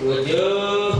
wajjë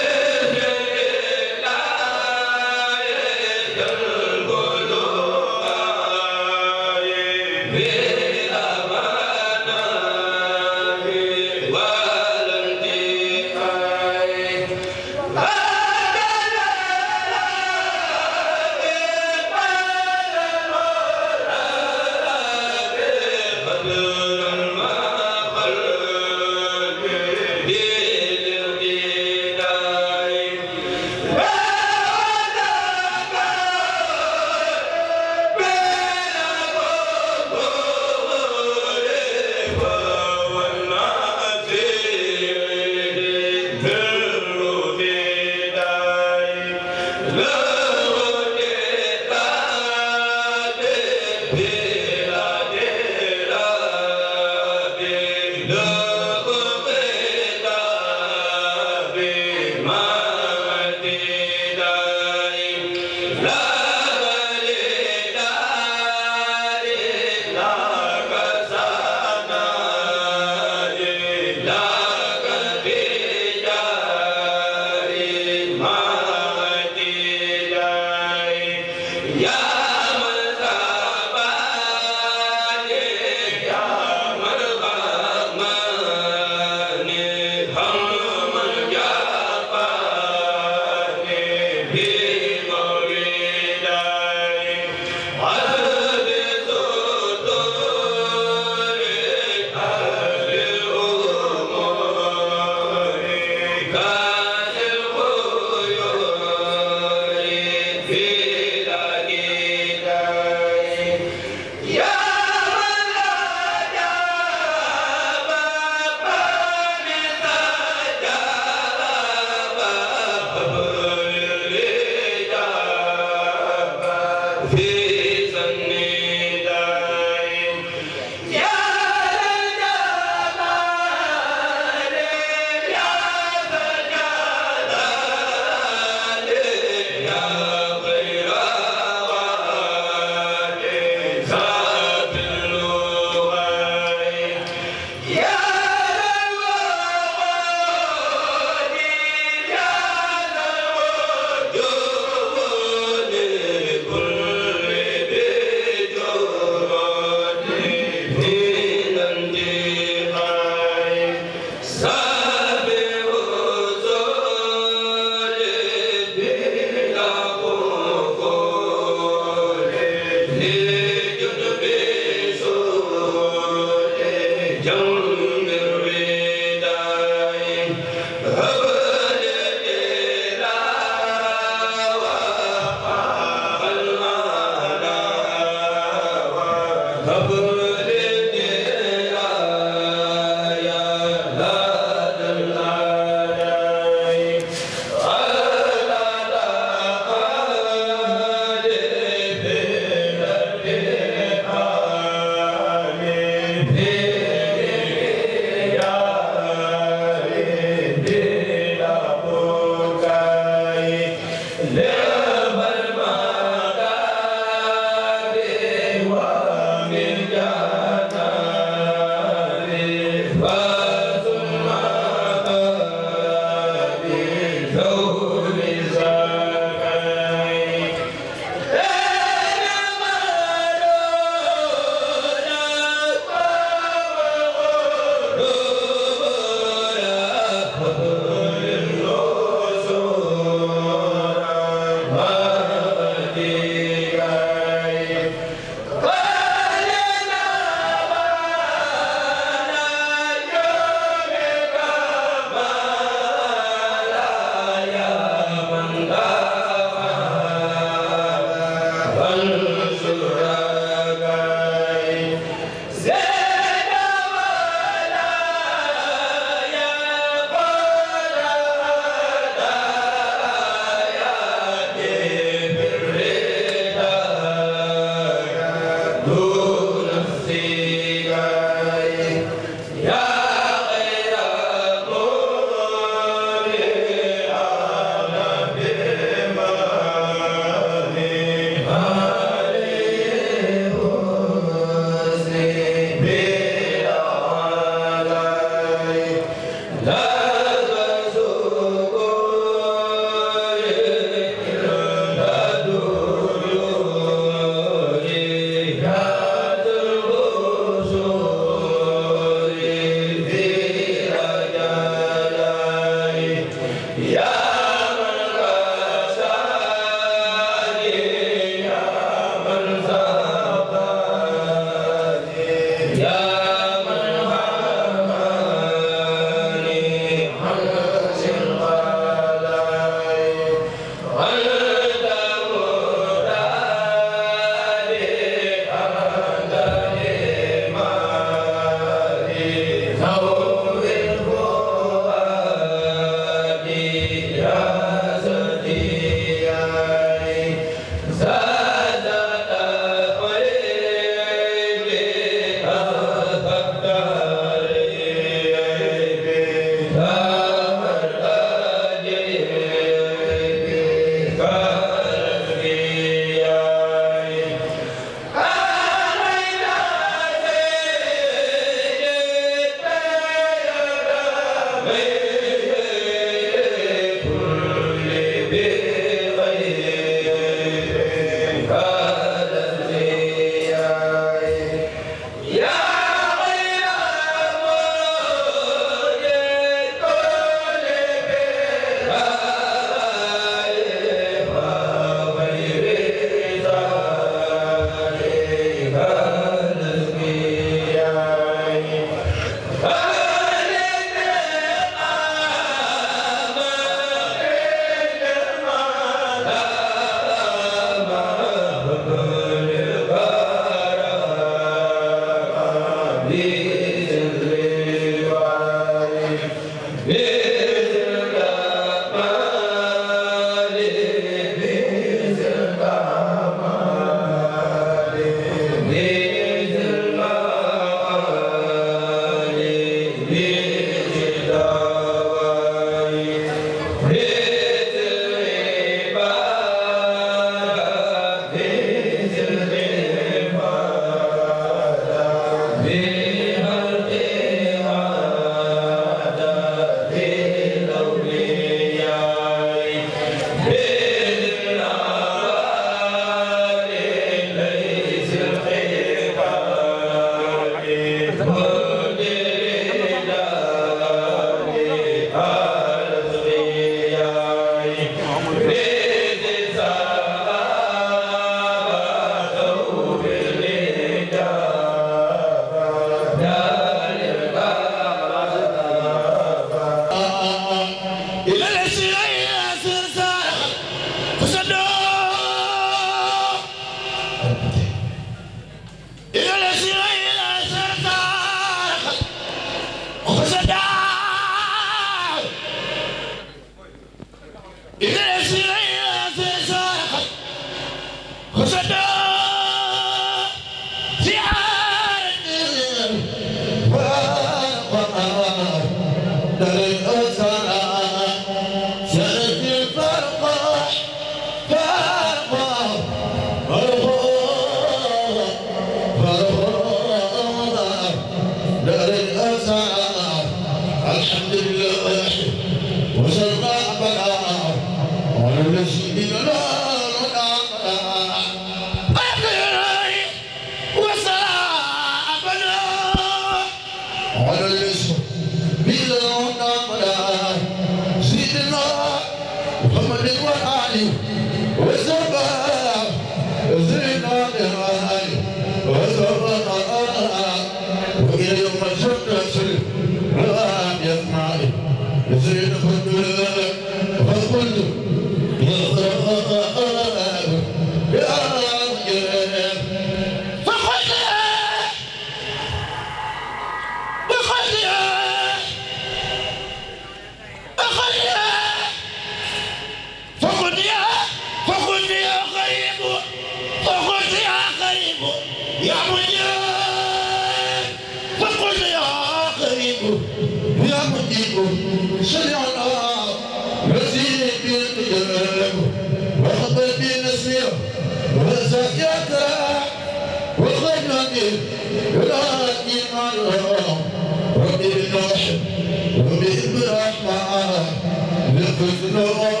No.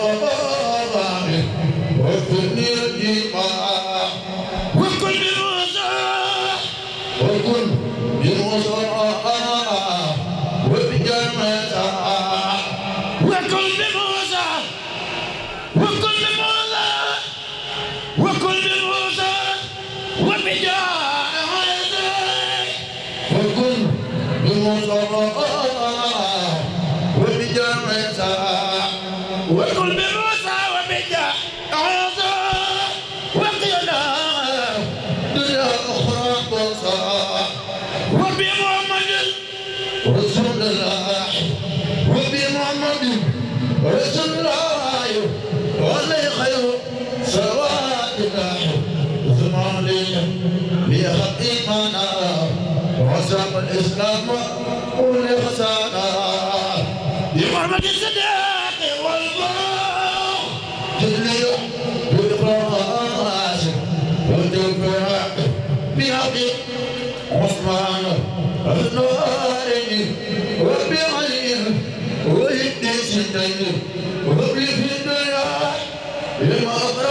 الإسلام والإحسان بحرمة الصداق والبر جلي بالقراش والدفاق بأبي عثمان النارين وبعلي وابن سنين وابن في الدنيا لما أقرأ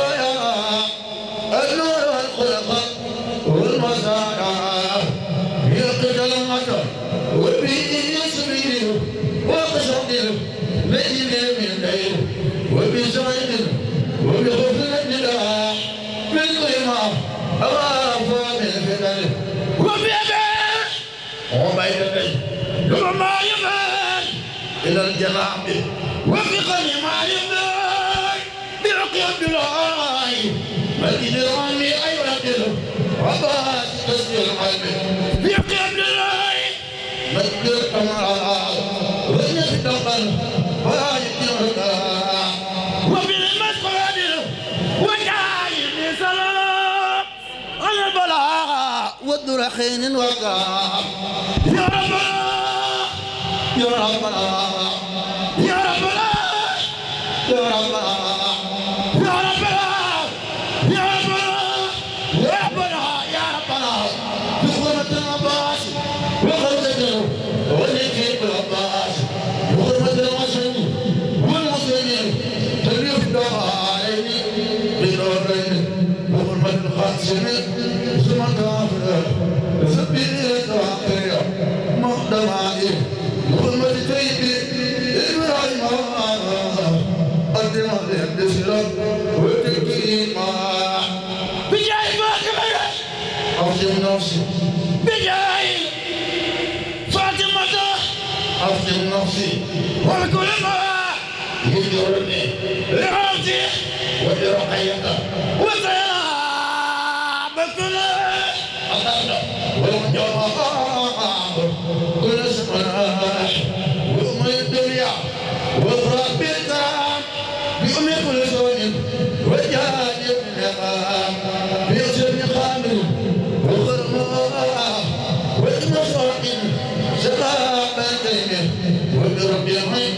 كل حين وقام يا ربنا يا ربنا يا ربنا يا ربنا يا ربنا يا ربنا يا ربنا يا ربنا بخدمة العباس بخدمة وليكي بالعباس بخدمة المسلمين والمسلمين تلف دعائي بنورين بخدمة الخاتمين لغوتي ولرقيك وسلامتنا أمرنا والجواب كل سماح وأم الدنيا وضرب الكرام بأم كل زون وجاد النقام بيوسف خامل وغرمام وابن صاحب سلامتين وبرب العين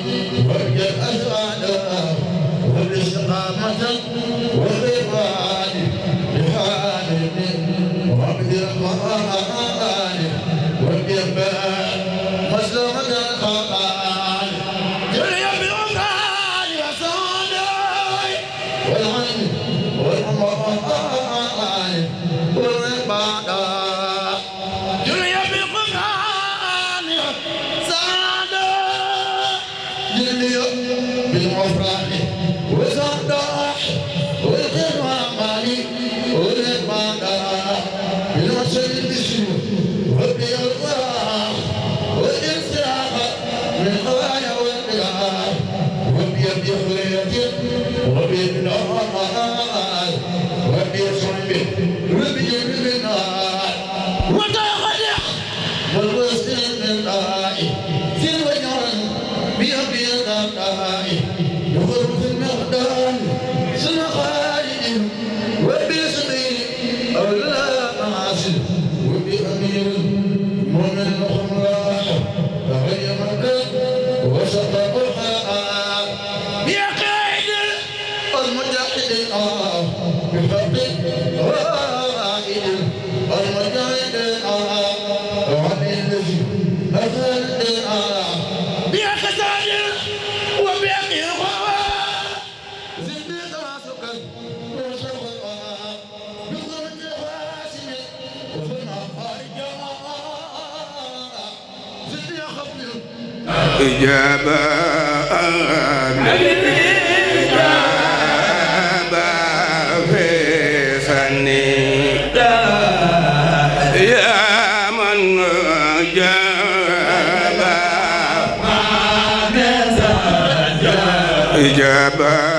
ijaaba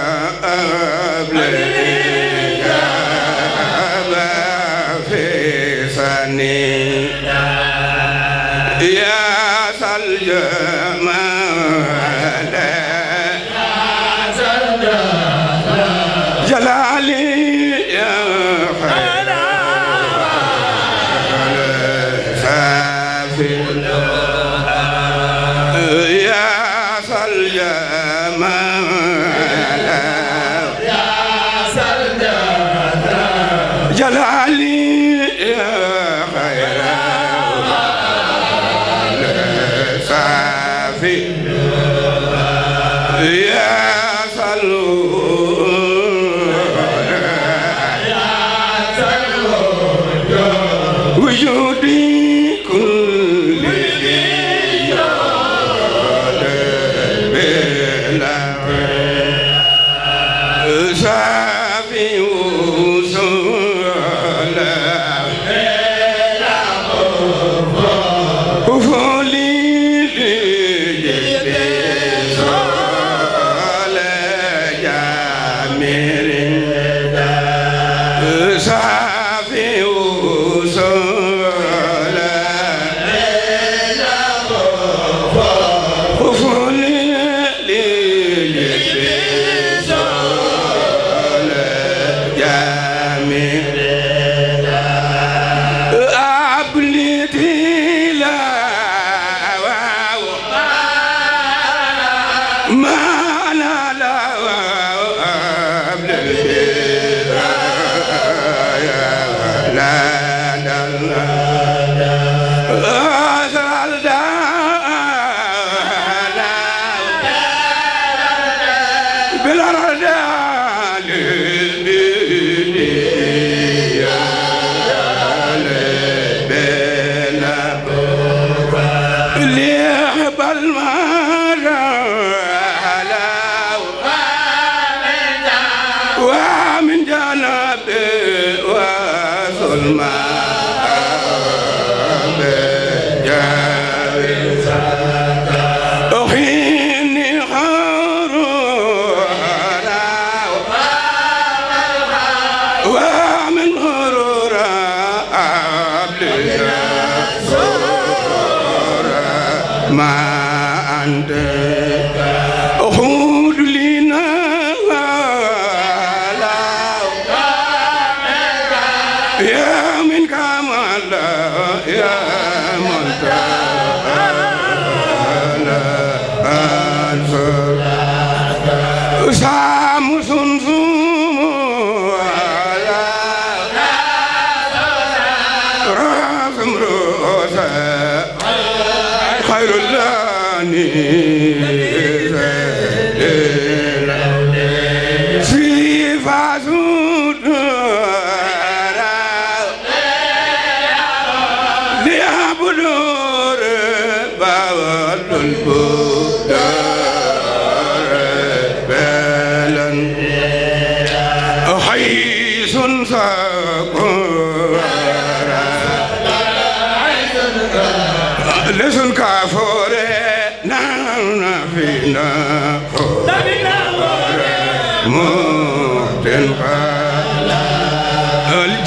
ma ذا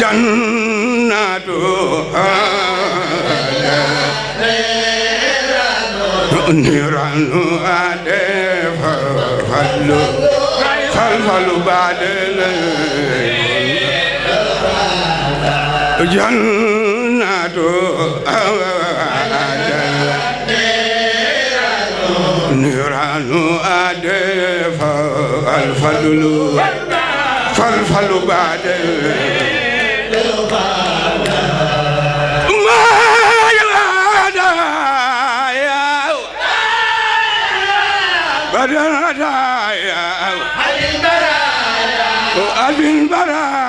jannatu niranu ade falfalu falfalu badele jannatu niranu ade falfalu falfalu badele أبي البرايا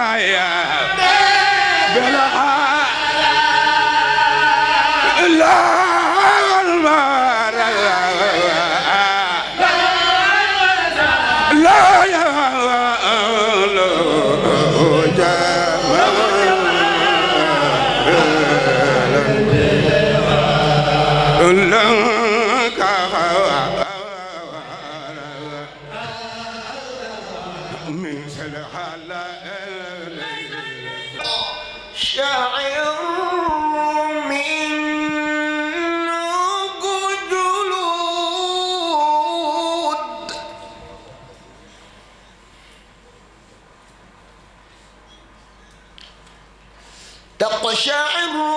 وشاعر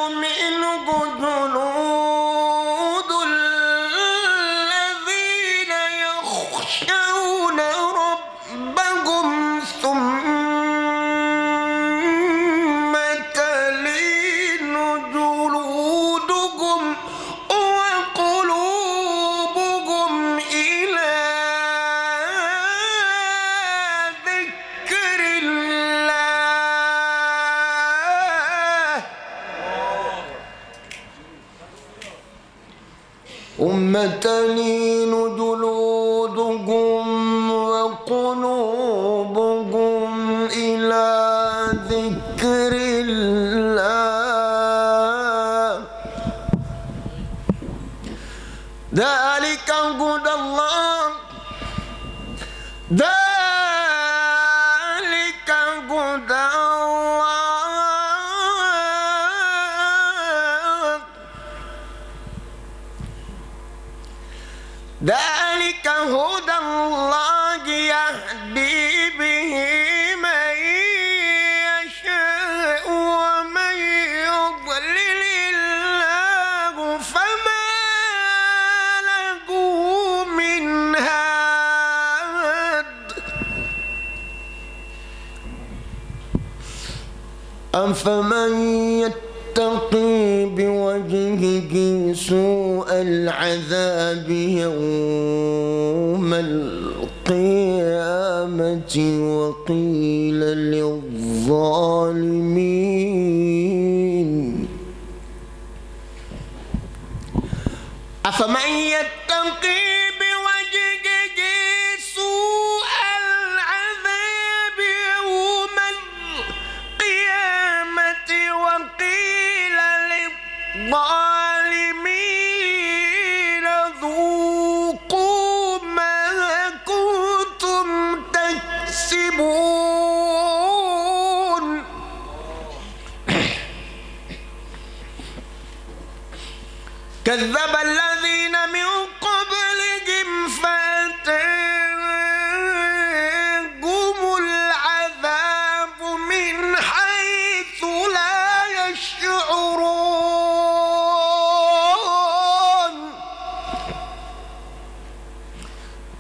أفمن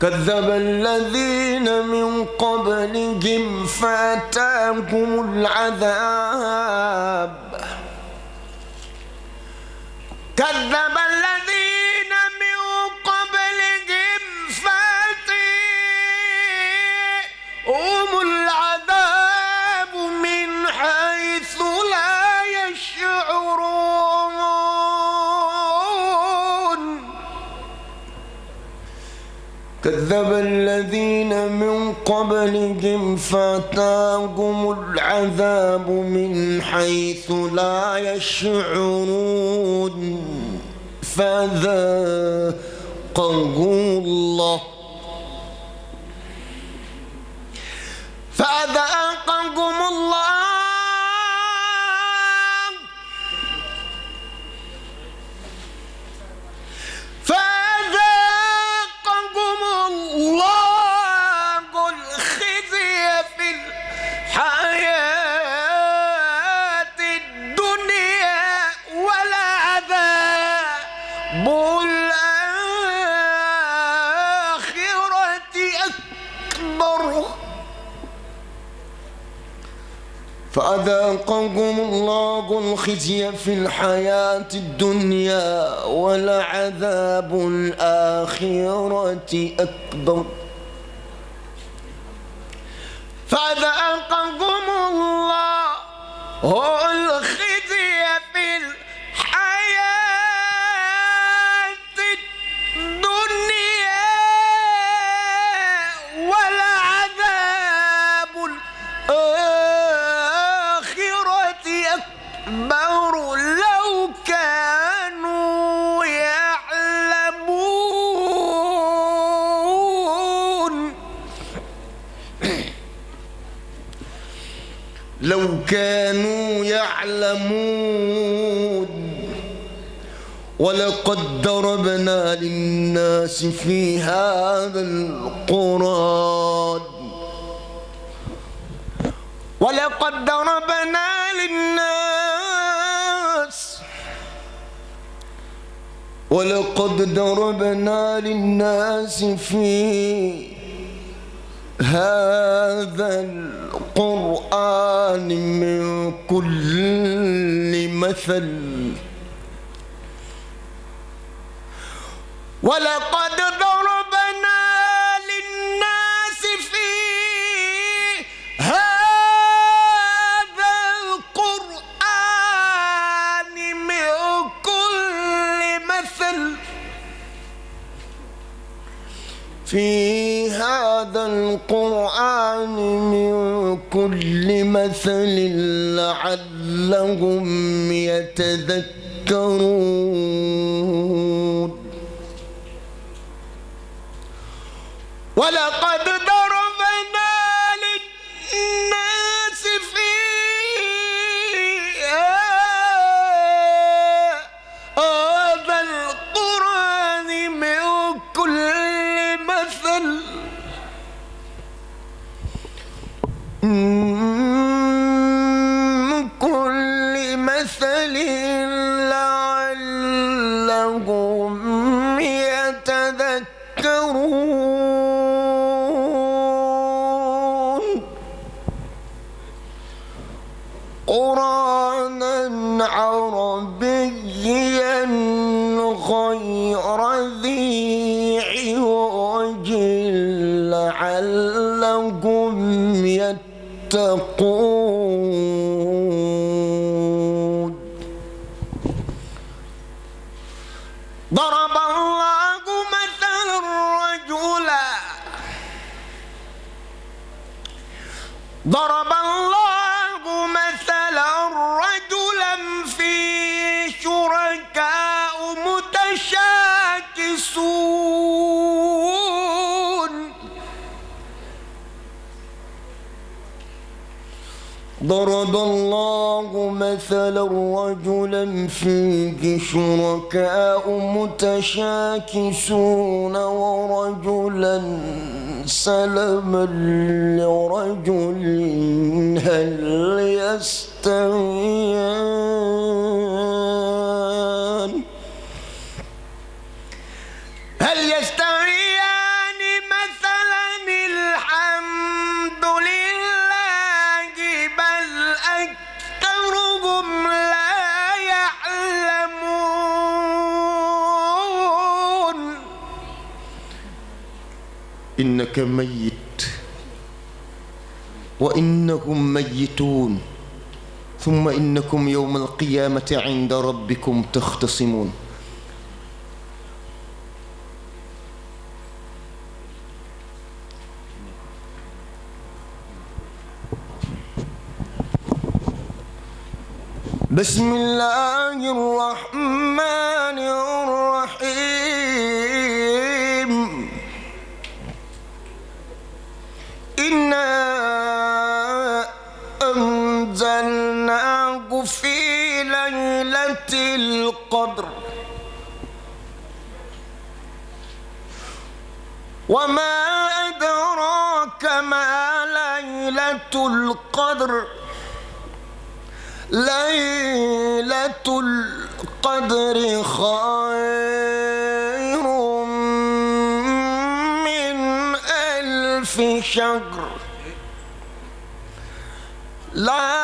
كذب الذين من قبلهم فاتاهم العذاب كذب كذب الذين من قبلهم فاتاهم العذاب من حيث لا يشعرون فذاقهم الله فذاقهم الله فأذاقهم الله الخزي في الحياة الدنيا ولعذاب الآخرة أكبر فأذاقهم الله الخزي كانوا يعلمون ولقد ضربنا للناس في هذا القرآن ولقد ضربنا للناس ولقد ضربنا للناس في هذا القرآن من كل مثل ولقد ضربنا للناس في هذا القرآن من كل مثل في هذا القرآن من بكل مثل لعلهم يتذكرون ولقد تتقون مثلا رجلا فيه شركاء متشاكسون ورجلا سلما لرجل هل يستويان innaka mayit wa innakum mayituun summa innakum yowma alqiyaamati inda rabbikum taxtasimuun bismillahi rahmaan وما أدراك ما ليلة القدر ليلة القدر خير من ألف شهر لا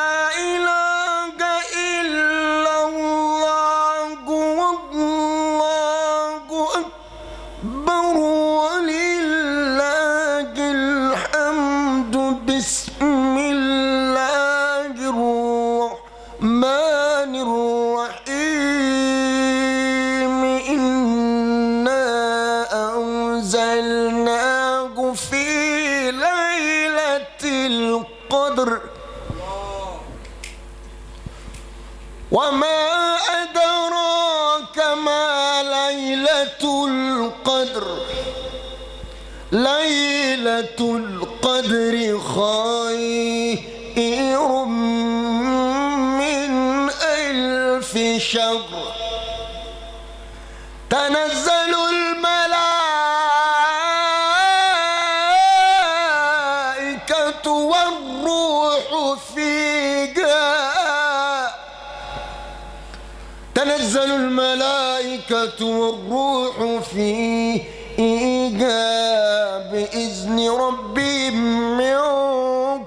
النفس والروح فيه إيجاب بإذن ربهم من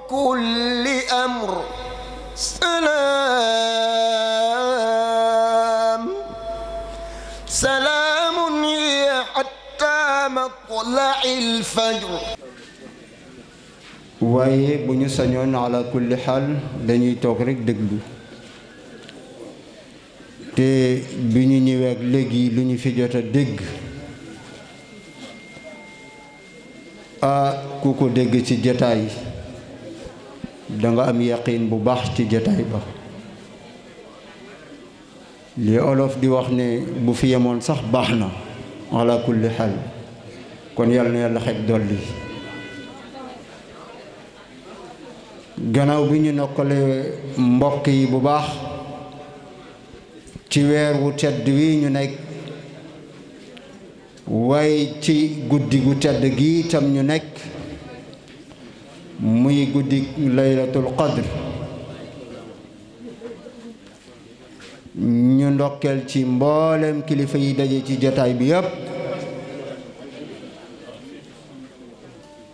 كل أمر سلام سلام هي حتى مطلع الفجر waaye bu ñu sañoon ala kulli xaal dañuy toog rek déglu te bi ñu ñëwee ak léegi lu ñu fi jot a dégg ah ku ko dégg ci jataay danga am yaqin bu baax ci jataay ba li olof di wax ne bu fi yemoon sax baax na ala kulli xaal kon yàlla na yàlla xeeb dolli gannaaw bi ñu nokkalee mbokk yi bu baax ci weer wu tedd wi ñu nekk waaye ci guddi gu tedd gi itam ñu nekk muy guddi laylatul qadr ñu ndokkeel ci mboolem kilifa yi daje ci jataay bi yépp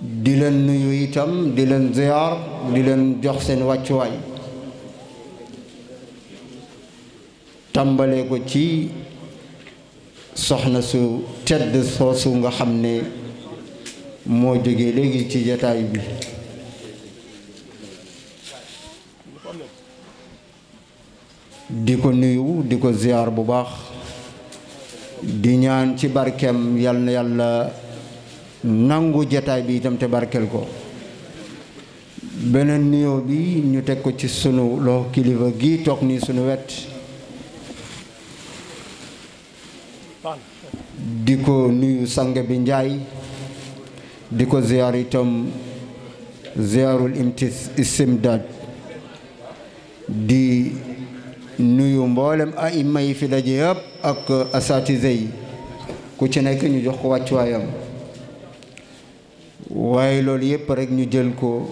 di leen nuyu itam di leen ziyaar di leen jox seen wàccuwaay tàmbalee ko ci soxna su tedd soosu nga xam ne moo jógee léegi ci jataay bi di ko nuyu di ko ziyaar bu baax di ñaan ci barkeem yal na yàlla nangu jataay bi itam te barkeel ko beneen nuyoo bi ñu teg ko ci sunu loxo kilifa gi toog nii sunu wet di ko nuyu sang bi njaay di ko ziyaar itam ziyaarul imtis istimdaad di nuyu mboolem aima yi fi daje yëpp ak asatise yi ku ci nekk ñu jox ko wàccuwaayam waaye loolu yëpp rekk ñu jël ko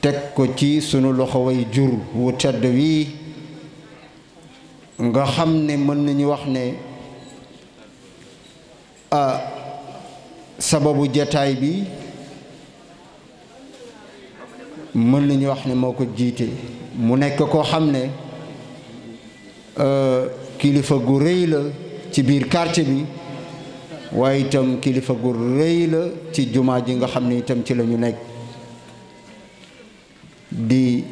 teg ko ci sunu loxo way jur wu tedd wii nga xam ne mën nañu wax ne sababu jataay bi mën nañu wax ne moo ko jiite mu nekk koo xam ne kilifa gu rëy la ci biir kàrt bi waaye itam kilifa gu rëy la ci jumaa ji nga xam ne itam ci la ñu nekk di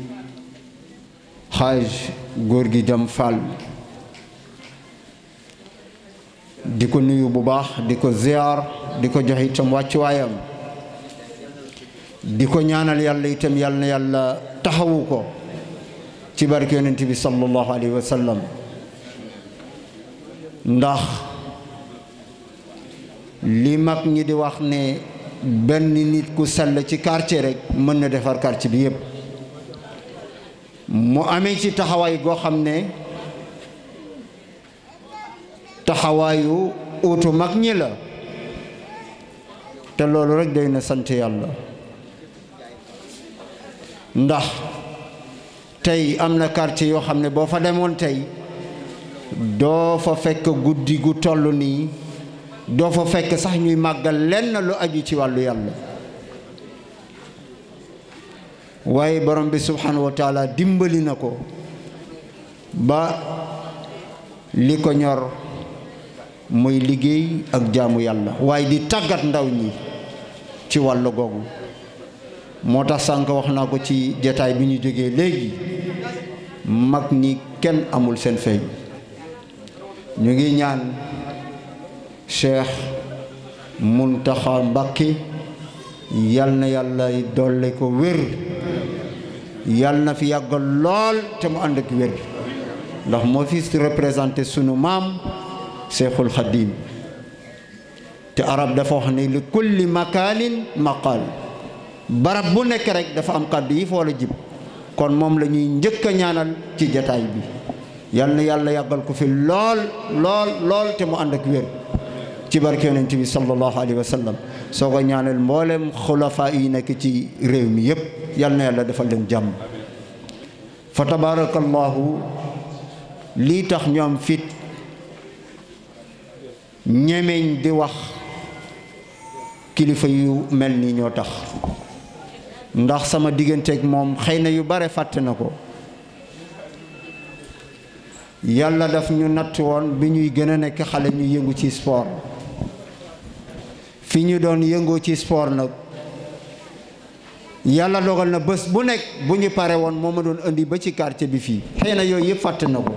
xaaj góor gi jam Fall di ko nuyu bu baax di ko ziar di ko jox itam wàccuwaayam di ko ñaanal yàlla itam yàlla na yàlla taxawu ko ci barke yonent bi sallallahu alayhi wa ndax li mag ñi di wax ne benn nit ku sell ci quartier rek mën na defar quartier bi yépp mu amee ci taxawaay goo xam ne xawaayu uutu mag ñi la te loolu rek day na sant yàlla ndax tey am na quartier yoo xam ne boo fa demoon tey doo fa fekk guddi gu toll nii doo fa fekk sax ñuy màggal lenn lu aju ci wàllu yàlla waaye borom bi subhanahu dimbali na ko ba li ko ñor muy liggéey ak jaamu yàlla waaye di tàggat ndaw ñi ci wàll googu moo tax sànq wax naa ko ci jataay bi ñu jógee léegi mag ñi kenn amul seen feeñ ñu ngi ñaan mun Muntaxa Mbàkke yal na yàlla doole ko wér yal na fi yàgg lool te mu ànd ak wér ndax moo fi représenté sunu maam seexul xadiim te arab dafa wax ni li kulli makaalin maqaal barab bu nekk rek dafa am kàddu yi foo la jib kon moom la ñuy njëkk a ñaanal ci jataay bi yàlla na yàlla yàggal ko fi lool lool te mu ànd ak wér ci barke yonent bi sallallahu alayhi wa sallam soo ko ñaanal mboolem xulafaa yi nekk ci réew mi yépp yal na yàlla dafa leen jàmm fa tabarakallahu lii tax ñoom fit ñemeñ di wax kilifa yu mel ni ñoo tax ndax sama digganteeg moom xëy na yu bare fàtte na ko yàlla daf ñu natt woon bi ñuy gën a nekk xale ñu yëngu ci spoor fi ñu doon yëngoo ci sport nag yàlla dogal na bés bu nekk bu ñu pare woon moo ma doon indi ba ci quartier bi fii xëy na yooyu yëpp fàtte na ko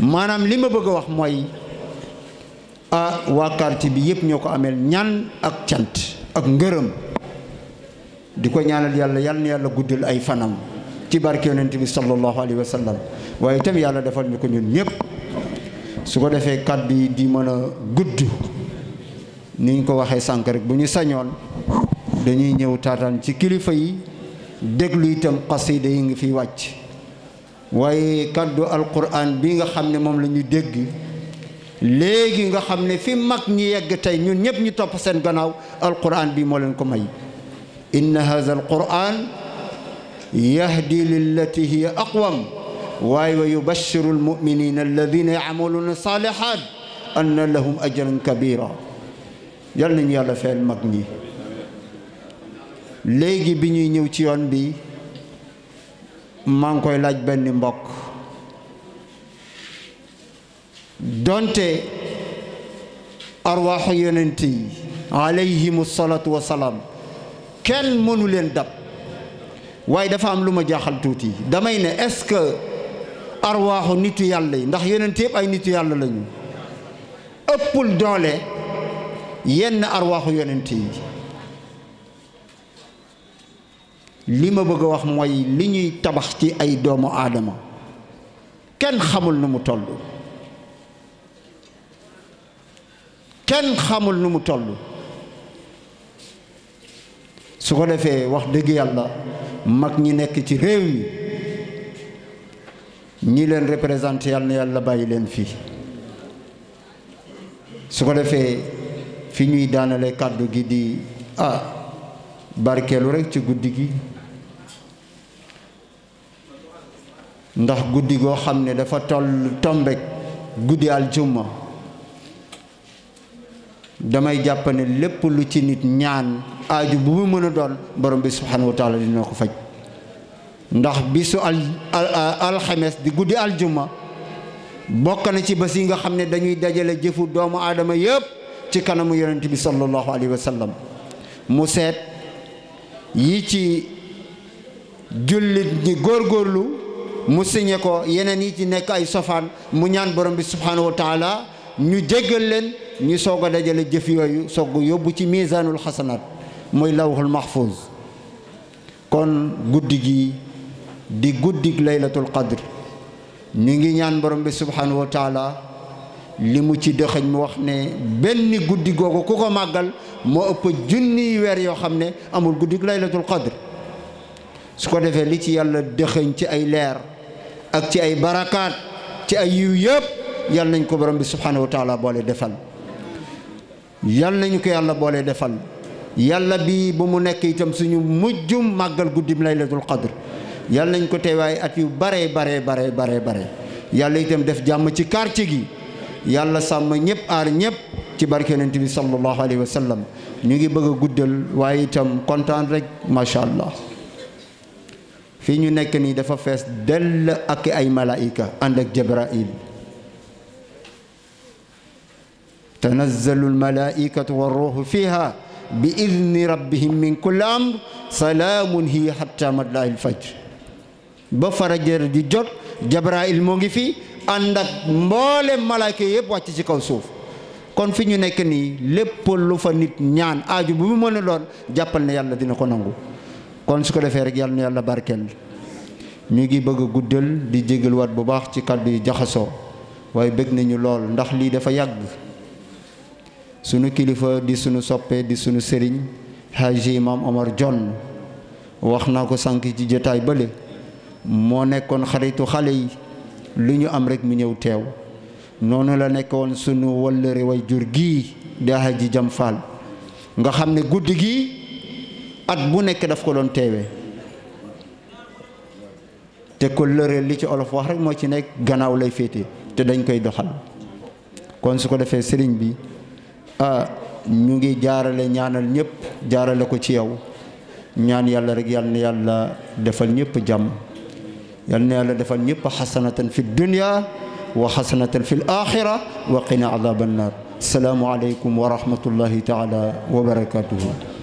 maanaam li ma bëgg a wax mooy ah waa quartier bi yëpp ñoo ko ameel ñan ak cant ak ngërëm di ko ñaanal yàlla yal na yàlla guddal ay fanam ci barke yonent bi sallallahu alayhi wa waaye itam yàlla defal ñu ko ñun ñëpp su ko defee kàddu yi di mën a gudd ni ñu ko waxee sànq rek bu ñu sañoon dañuy ñëw taataan ci kilifa yi déglu itam xasida yi ngi fiy wàcc waaye kàddu alquran bi nga xam ne moom lañuy dégg léegi nga xam ne fi mag ñi yegg tey ñun ñëpp ñu topp seen gannaaw alquran bi moo leen ko may inna hadha alquran yahdi lillati hiya aqwam waaye wa yubashiru almuminina alladina yaamaluuna saalihat anna lahum ajran kabira yal nañu yàlla feel mag ñi léegi bi ñuy ñëw ci yoon bi maa ngi koy laaj benn mbokk doonte arwaaxu yonent yi alayhimu salaatu wasalaam kenn mënu leen dab waaye dafa am lu ma jaaxal tuuti damay ne est-ce que arwaaxu nitu yàlla yi ndax yonent ay nitu yàlla lañu ëppul doole yenn arwaaxu yonent yi li ma bëgg a wax mooy li ñuy tabax ci ay doomu aadama kenn xamul na mu toll kenn xamul nu mu tollu su ko defee wax dëgg yàlla mag ñi nekk ci réew yi ñi leen représenté yàlla yàlla bàyyi leen fii su ko defee fi ñuy daanale kàddu gi di ah barkeelu rekk ci guddi gi ndax guddi goo xam ne dafa toll tombek guddi aljuma damay jàpp lépp lu ci nit ñaan aju bu mu mën a doon borom bi subhanahu wa dina ko faj ndax bisu al di guddi aljuma bokk na ci ba yi nga xam ne dañuy dajale jëfu doomu aadama yëpp ci kanamu yonent bi sallallahu alayhi wa sallam mu seet yi ci jullit ñi góorlu mu siñe ko yeneen yi ci nekk ay sofaan mu ñaan borom bi subhanahu wa ñu jéggal leen ñu soog a dajale jëf yooyu soog yóbbu ci miisaanul xasanaat muy lawhul mahfuz kon guddi gi di guddig laylatul qadr ñu ngi ñaan borom bi subhanahu wa li mu ci dëxëñ mu wax ne benn guddi googu ku ko màggal moo ëpp junniy weer yoo xam ne amul guddig laylatul qadr su ko defee li ci yàlla dëxëñ ci ay leer ak ci ay barakaat ci ay yiw yëpp yàlla nañ ko borom bi subhanahu wa taala boole defal yal nañu ko yàlla boolee defal yàlla bi bu mu nekk itam suñu mujjum màggal guddi guddim laylatul qadr yàlla nañ ko waaye at yu bare bare bare bare bare yàlla itam def jàmm ci quartier gi yàlla sàmm ñëpp aar ñëpp ci barke yonent bi sallallahu alayhi wa ñu ngi bëgg a guddal waaye itam kontaan rek macha allah fii ñu nekk nii dafa fees dell ak ay malaika ànd ak Jibril tanazzalu almalaikatu warruhu fiha bi idni rabbihim min kulli amr salaamun hiya hatta matla'i faj ba farajar di jot jabrail moo ngi fi ànd ak mboole malaaka yëpp wàcc ci kaw suuf kon fi ñu nekk nii lépp lu fa nit ñaan aaju bu mu mën a jàppal na yàlla dina ko nangu kon su ko defee rek yàlla na yàlla barkeel ñu ngi bëgg a guddal di jégal waat bu baax ci kàddu yi jaxasoo waaye bëgg nañu lool ndax lii dafa yàgg sunu kilifa di sunu soppee di sunu sëriñ Haji Imam Omar John wax naa ko sànq ci jotaay bële moo nekkoon xaritu xale yi lu ñu am rek mu ñëw teew noonu la nekkoon sunu wëllëre way jur gii di Haji Jam nga xam ne guddi gi at bu nekk daf ko doon teewee te kóllëre li ci olof wax rek moo ci nekk gannaaw lay féete te dañ koy doxal kon su ko defee sëriñ bi ah ñu ngi jaarale ñaanal ñëpp jaarale ko ci yow ñaan yàlla rek yal na yàlla defal ñëpp jàmm yal na yàlla defal ñëpp xasanatan fi dunya wa xasanatan fi alaxira wa qina adab annar asalaamu aleykum wa rahmatullahi taala wa barakatuhu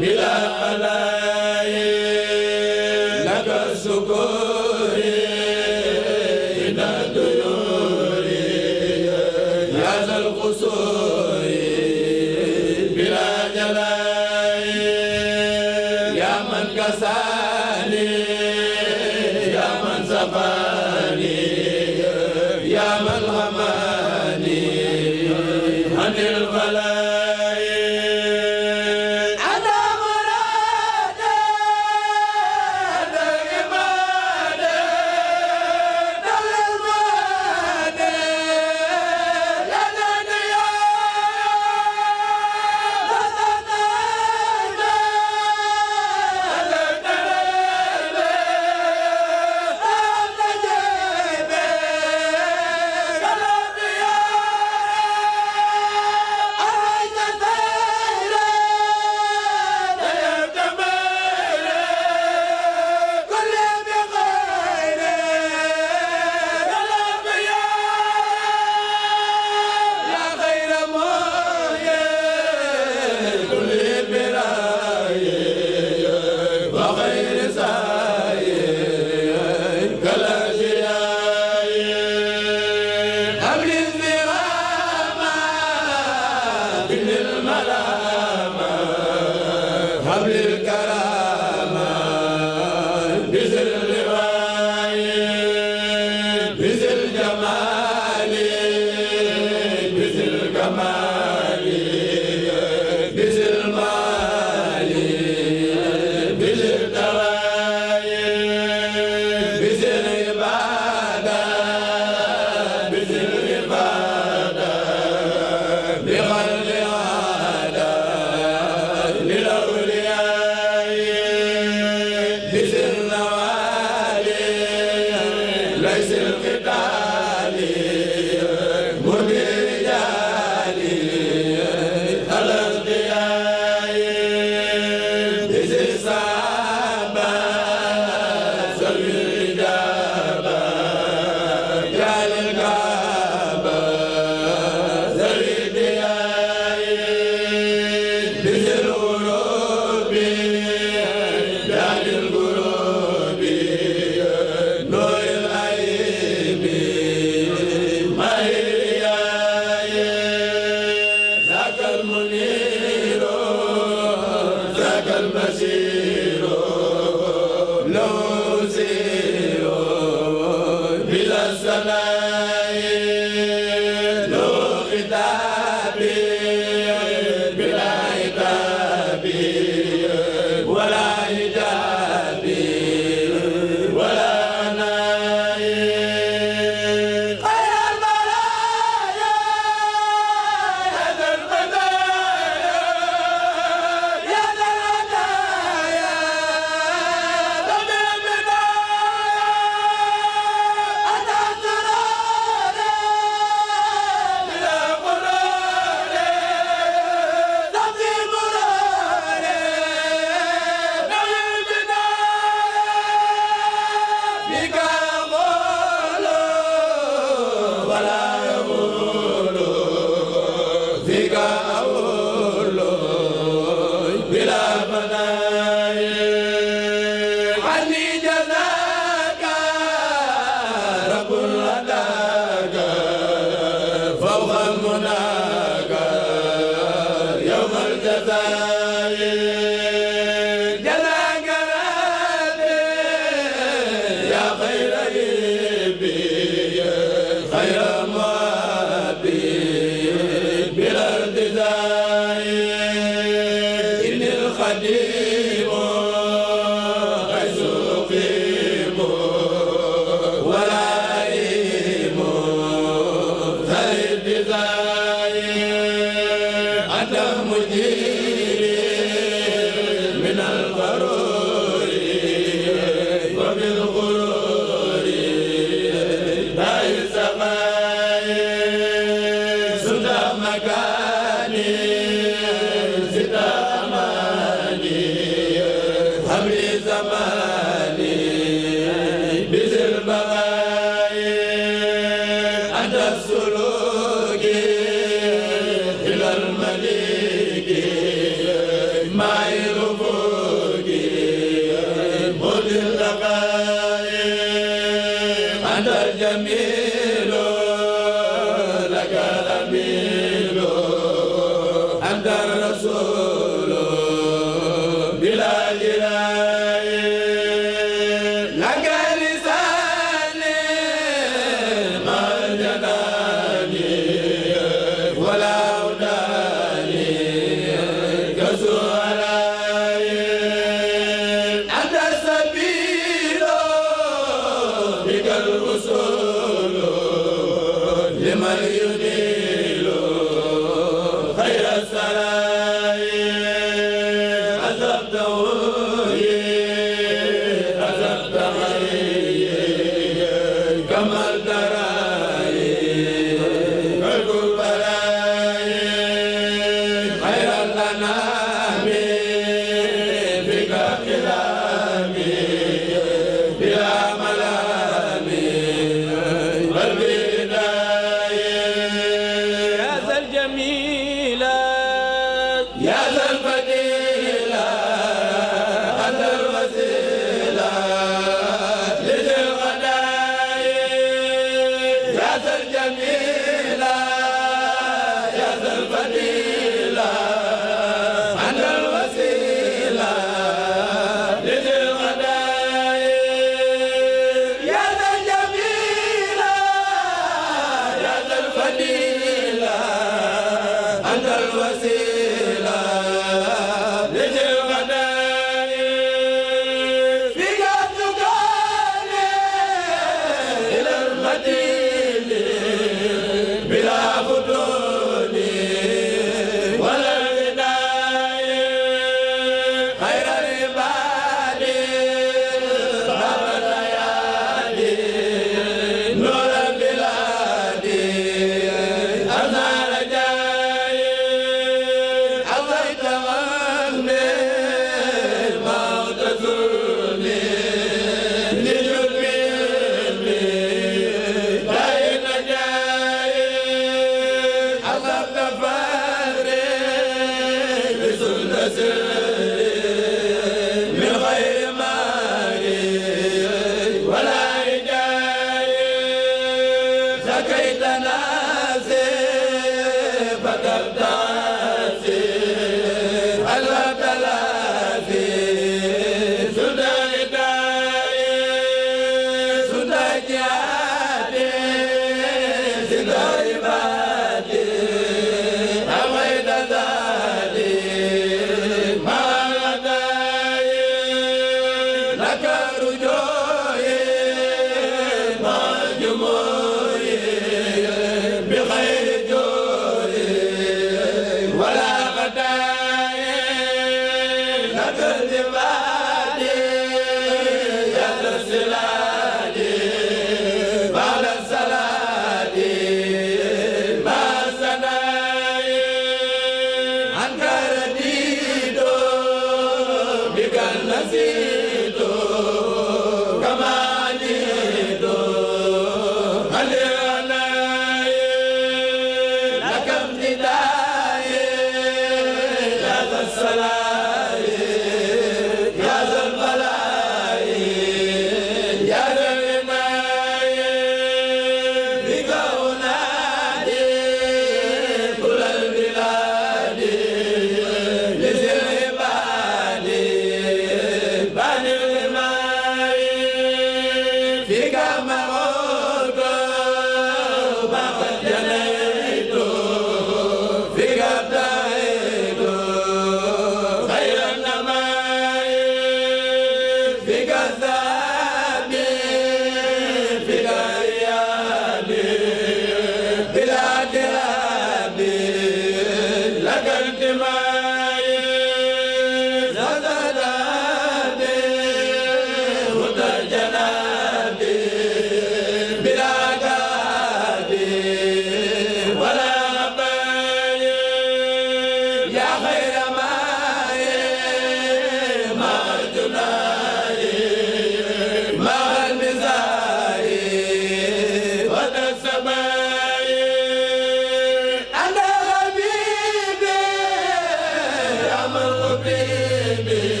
bi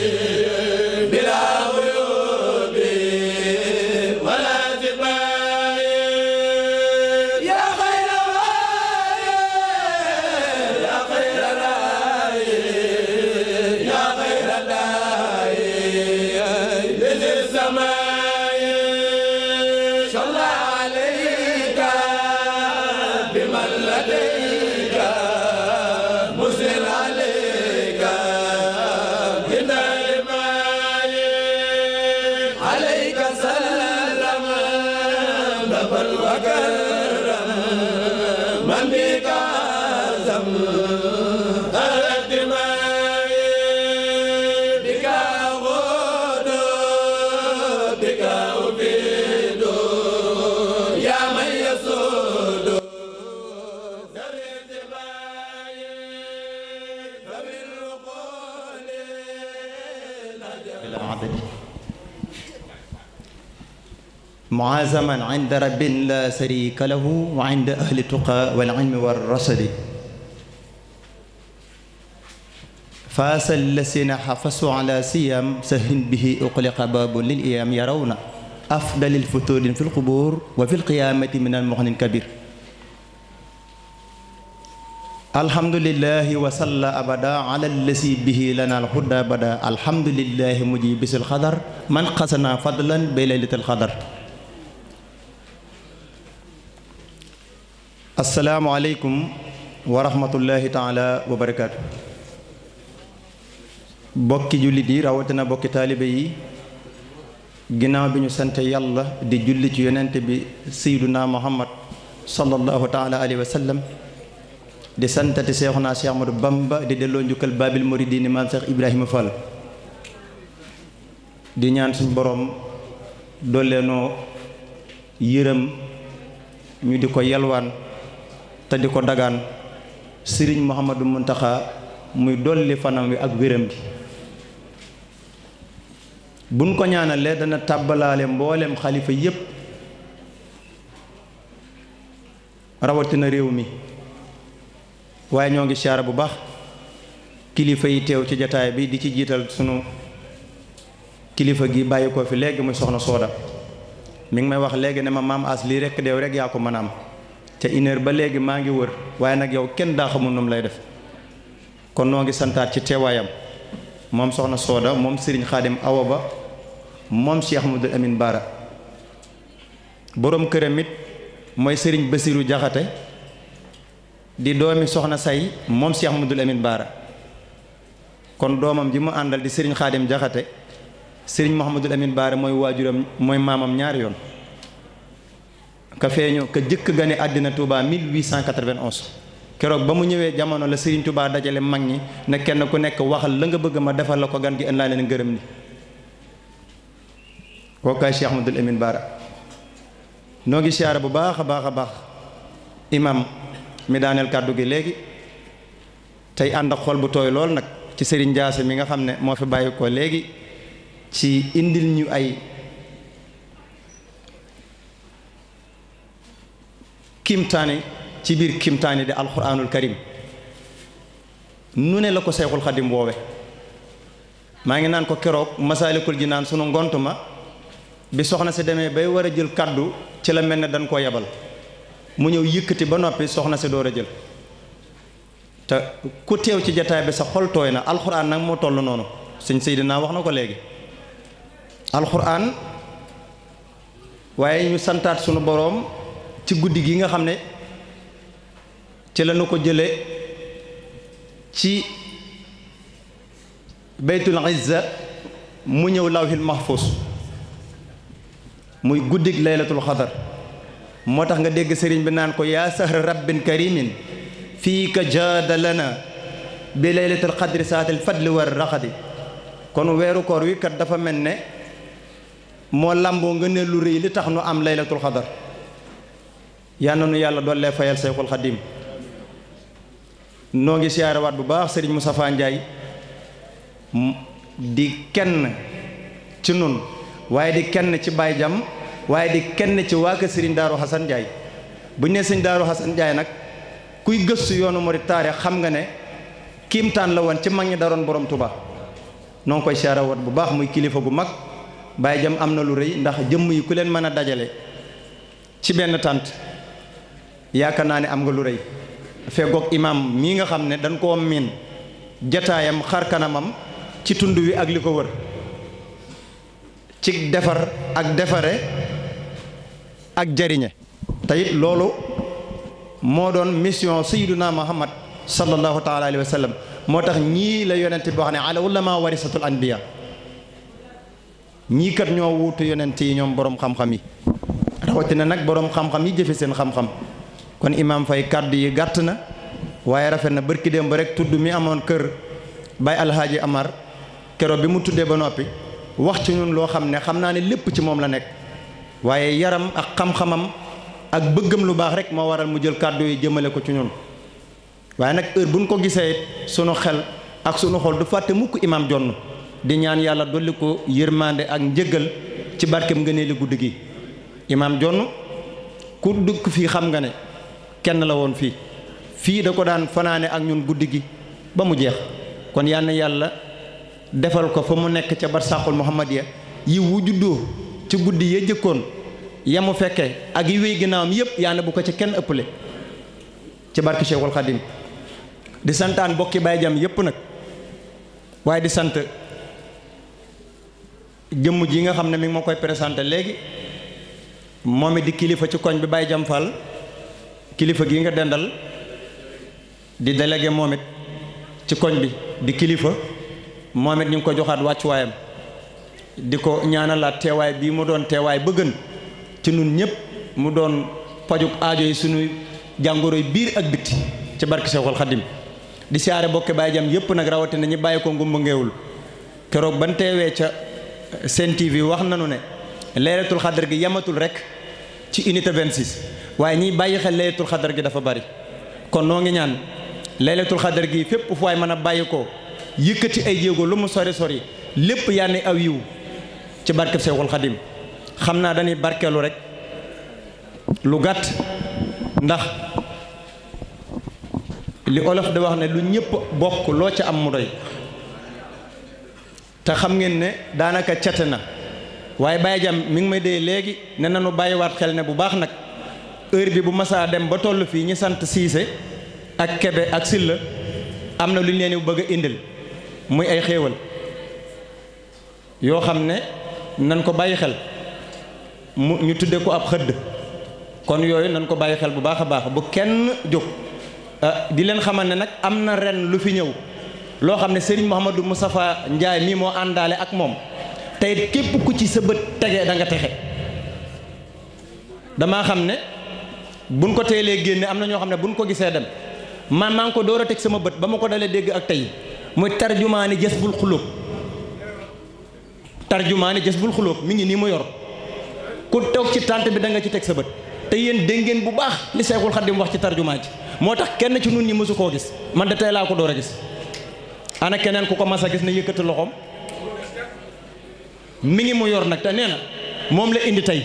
muazaman inda rabbin la sharika lahu wa inda ahli tuqa wal ilmi war rasadi faasa allasina xafasu ala siyam sahin bihi uqliqa babun lil iyam yarawna afdalil futurin fi lqubur wa fi lqiyamati min almuxnin kabir alhamdulilahi wa salla abada ala allasi bihi lana alhuda abada alhamdulilahi mujibisil xadar man xasana fadlan bi laylatil xadar asalaamualeykum wa rahmatullahi taala wa barakaatu bokki jullit yi rawatina bokki taalibe yi ginnaaw bi ñu sant yàlla di julli ci yonent bi sayduna muhammad sallallahu taala alayhi wa sallam di santati seexunaa Seex Ahmadu Bamba di delloo njukkal baabil muridiin maam Seex Ibrahima Fall di ñaan suñ boroom dolleenoo yërëm ñu di ko yalwaan te di ko dagaan sëriñ Mouhamadou taxa muy dolli fanam wi ak wéram gi buñ ko ñaanalee dana tàbbalaale mbooleem xalifa yépp rawatina réew mi waaye ñoo ngi siyaara bu baax kilifa yi teew ci jataay bi di ci jiital sunu kilifa gi bàyyi ko fi léegi muy soxna sooda mi ngi may wax léegi ne ma maam as lii rekk deew rek yaa ko mën am ca une ba léegi maa ngi wër waaye nag yow kenn daa xamul nu lay def kon noo ngi santaat ci teewaayam moom soxna Sooda moom Serigne Khadim awo Ba moom Cheikh Mouhamadoul Amine Bara boroom këram it mooy Serigne Bassirou Diakhaté di doomi soxna say moom Cheikh Mouhamadoul Amine baara kon doomam ji mu àndal di Serigne Khadim Diakhaté Serigne Mouhamadoul Amine Bara mooy waajuram mooy maamam ñaari yoon ka feeñoo ka jëkk gane àddina Touba 1891 keroog ba mu ñëwee jamono la Serigne Touba dajale mag ñi ne kenn ku nekk waxal la nga bëgg ma defal la ko gan gi ëndaa leen ngërëm ni kookaay Cheikh Ahmadul Amin Baara noo ngi siyaare bu baax a baax a baax imam mi daaneel kàddu gi léegi tey ànd xool bu tooy lool nag ci Serigne Diassé mi nga xam ne moo fi bàyyi ko léegi ci indil ñu ay kimtaane ci biir kimtaane di alquranul karim nu ne la ko seexul xadim boobe maa ngi naan ko keroog masaalikul ji naan sunu ngont ma bi soxna si demee bay war a jël kàddu ci la mel ne dañ koo yebal mu ñëw yëkkati ba noppi soxna si door a jël te ku teew ci jataay bi sa xol tooy na alxuraan nag moo toll noonu sëñ naa wax na ko léegi alxuraan waaye ñu santaat sunu boroom ci guddi gi nga xam ne ci lañu ko jële ci baytul izza mu ñëw lawhil mahfuz muy guddi laylatul xadar moo tax nga dégg sëriñ bi naan ko yaa sahra rabbin karimin fii ka jaada lana bi laylatul xadri saatil fadli war raxadi kon weeru koor wi kat dafa mel ne moo làmboo nga ne lu rëy li tax nu am laylatul xadar yal na nu yàlla dollee fayal Seexul Xadiim noo ngi siyaarewaat bu baax Serigne Moustapha Ndiaye di kenn ci nun waaye di kenn ci Baye Jam waaye di kenn ci waa kër Serigne Darou Assane Ndiaye bu ñu nee Serigne Darou nag kuy gëstu yoonu murit taarix xam nga ne kiimtaan la woon ci mag ñi daroon borom Touba noo ngi koy siyaarewaat bu baax muy kilifa gu mag Baye Jam am na lu rëy ndax jëmm yi ku leen mën a dajale ci benn tànt yaakaar naa ne am nga lu rëy feggoog imam mii nga xam ne dañ koo miin jataayam xar kanamam ci tund wi ak li ko wër ci defar ak defare ak jariñe te loolu moo doon mission sayyiduna muhammad sallallahu taala alayhi wa sallam moo tax ñii la yonent bi wax ne ala ulama warisatul anbiya ñii kat ñoo wuutu yonent yi ñoom boroom xam-xam yi rawatina nag boroom xam-xam yi jëfe seen xam-xam kon imaam fay kàddu yi gàtt na waaye rafet na bërki démb rek tudd mi amoon kër bay alhaaji amar kero bi mu tuddee ba noppi wax ci ñun loo xam ne xam naa ne lépp ci moom la nekk waaye yaram ak xam-xamam ak bëggam lu baax rek moo waral mu jël kàddu yi jëmale ko ci ñun waaye nag heure buñ ko gisee it sunu xel ak sunu xol du fàtte mukk imaam jonn di ñaan yàlla dolli ko yërmande ak njëggal ci barkeem ngëneeli guddi gi imaam jonn ku dugg fii xam nga ne kenn la woon fii fii da ko daan fanaane ak ñun guddi gi ba mu jeex kon yal yàlla defal ko fa mu nekk ca barsàqul muhammadiya yi yiwu juddoo ci guddi ya jëkkoon ya mu fekke ak yi wéy ginnaawam yépp yal bu ko ci kenn ëppale ci barke Cheikhul di santaan bokki Baye Jam yépp nag waaye di sant jëmm ji nga xam ne mi ngi ma koy présenté léegi moom it di kilifa ci koñ bi Baye Jam kilifa gi nga dendal di délégué moom ci koñ bi di kilifa moom it ñu ngi ko joxaat wàccuwaayam di ko ñaanalaat teewaay bii mu doon teewaay ba gën ci nun ñëpp mu doon pajuk aajo yi suñu jàngoroy biir ak bitti ci barki Seexul di siyaare bokke Baye Jam yëpp nag rawatina ñi bàyyi ko ngumba ngeewul keroog ban teewee ca Sen TV wax nanu ne leeratul xadar gi yamatul rekk ci unité 26 waaye ñiy bàyyi xel laylatul xadar gi dafa bari kon noo ngi ñaan laylatul xadar gi fépp fu waay mën a bàyyi ko yëkkati ay jéego lu mu sori sori lépp yàlla aw yiw ci barkeb Seexul Xadim xam naa dañuy barkeelu rek lu gàtt ndax li olof di wax ne lu ñëpp bokk loo ca am mu doy te xam ngeen ne daanaka cate na waaye bàyyi jam mi ngi may dee léegi ne nanu bàyyiwaat xel ne bu baax nag heure bi bu masaa dem ba toll fii ñi sant siise ak kebe ak silla am na lu ñu leen di bëgg indil muy ay xéewal yoo xam ne nan ko bàyyi xel mu ñu tudde ko ab xëdd kon yooyu nan ko bàyyi xel bu baax a baax bu kenn jóg ah, di leen xamal ne nag am na ren lu fi ñëw loo xam ne sëriñ Mouhamadou Moustapha njaay mii moo àndaale ak moom tey képp ku ci sa bët tege danga texe damaa xam ne bu buñ ko teelee génne am na ñoo xam ne bu buñ ko gisee dem man maa ko door a teg sama bët ba ma ko dalee dégg ak tey muy tarjumaani jës bul xulóob tarjumaani jës bul xulóob mi ngi nii mu yor ku toog ci tànt bi da nga ci teg sa bët te yéen dégg ngeen bu baax li Seexul Xaddim wax ci tarjumaa ji moo tax kenn ci nun ñi mësu koo gis man de tey laa ko door a gis ana keneen ku ko mas a gis na yëkkati loxoom mi ngi mu yor nag te nee na moom la indi tey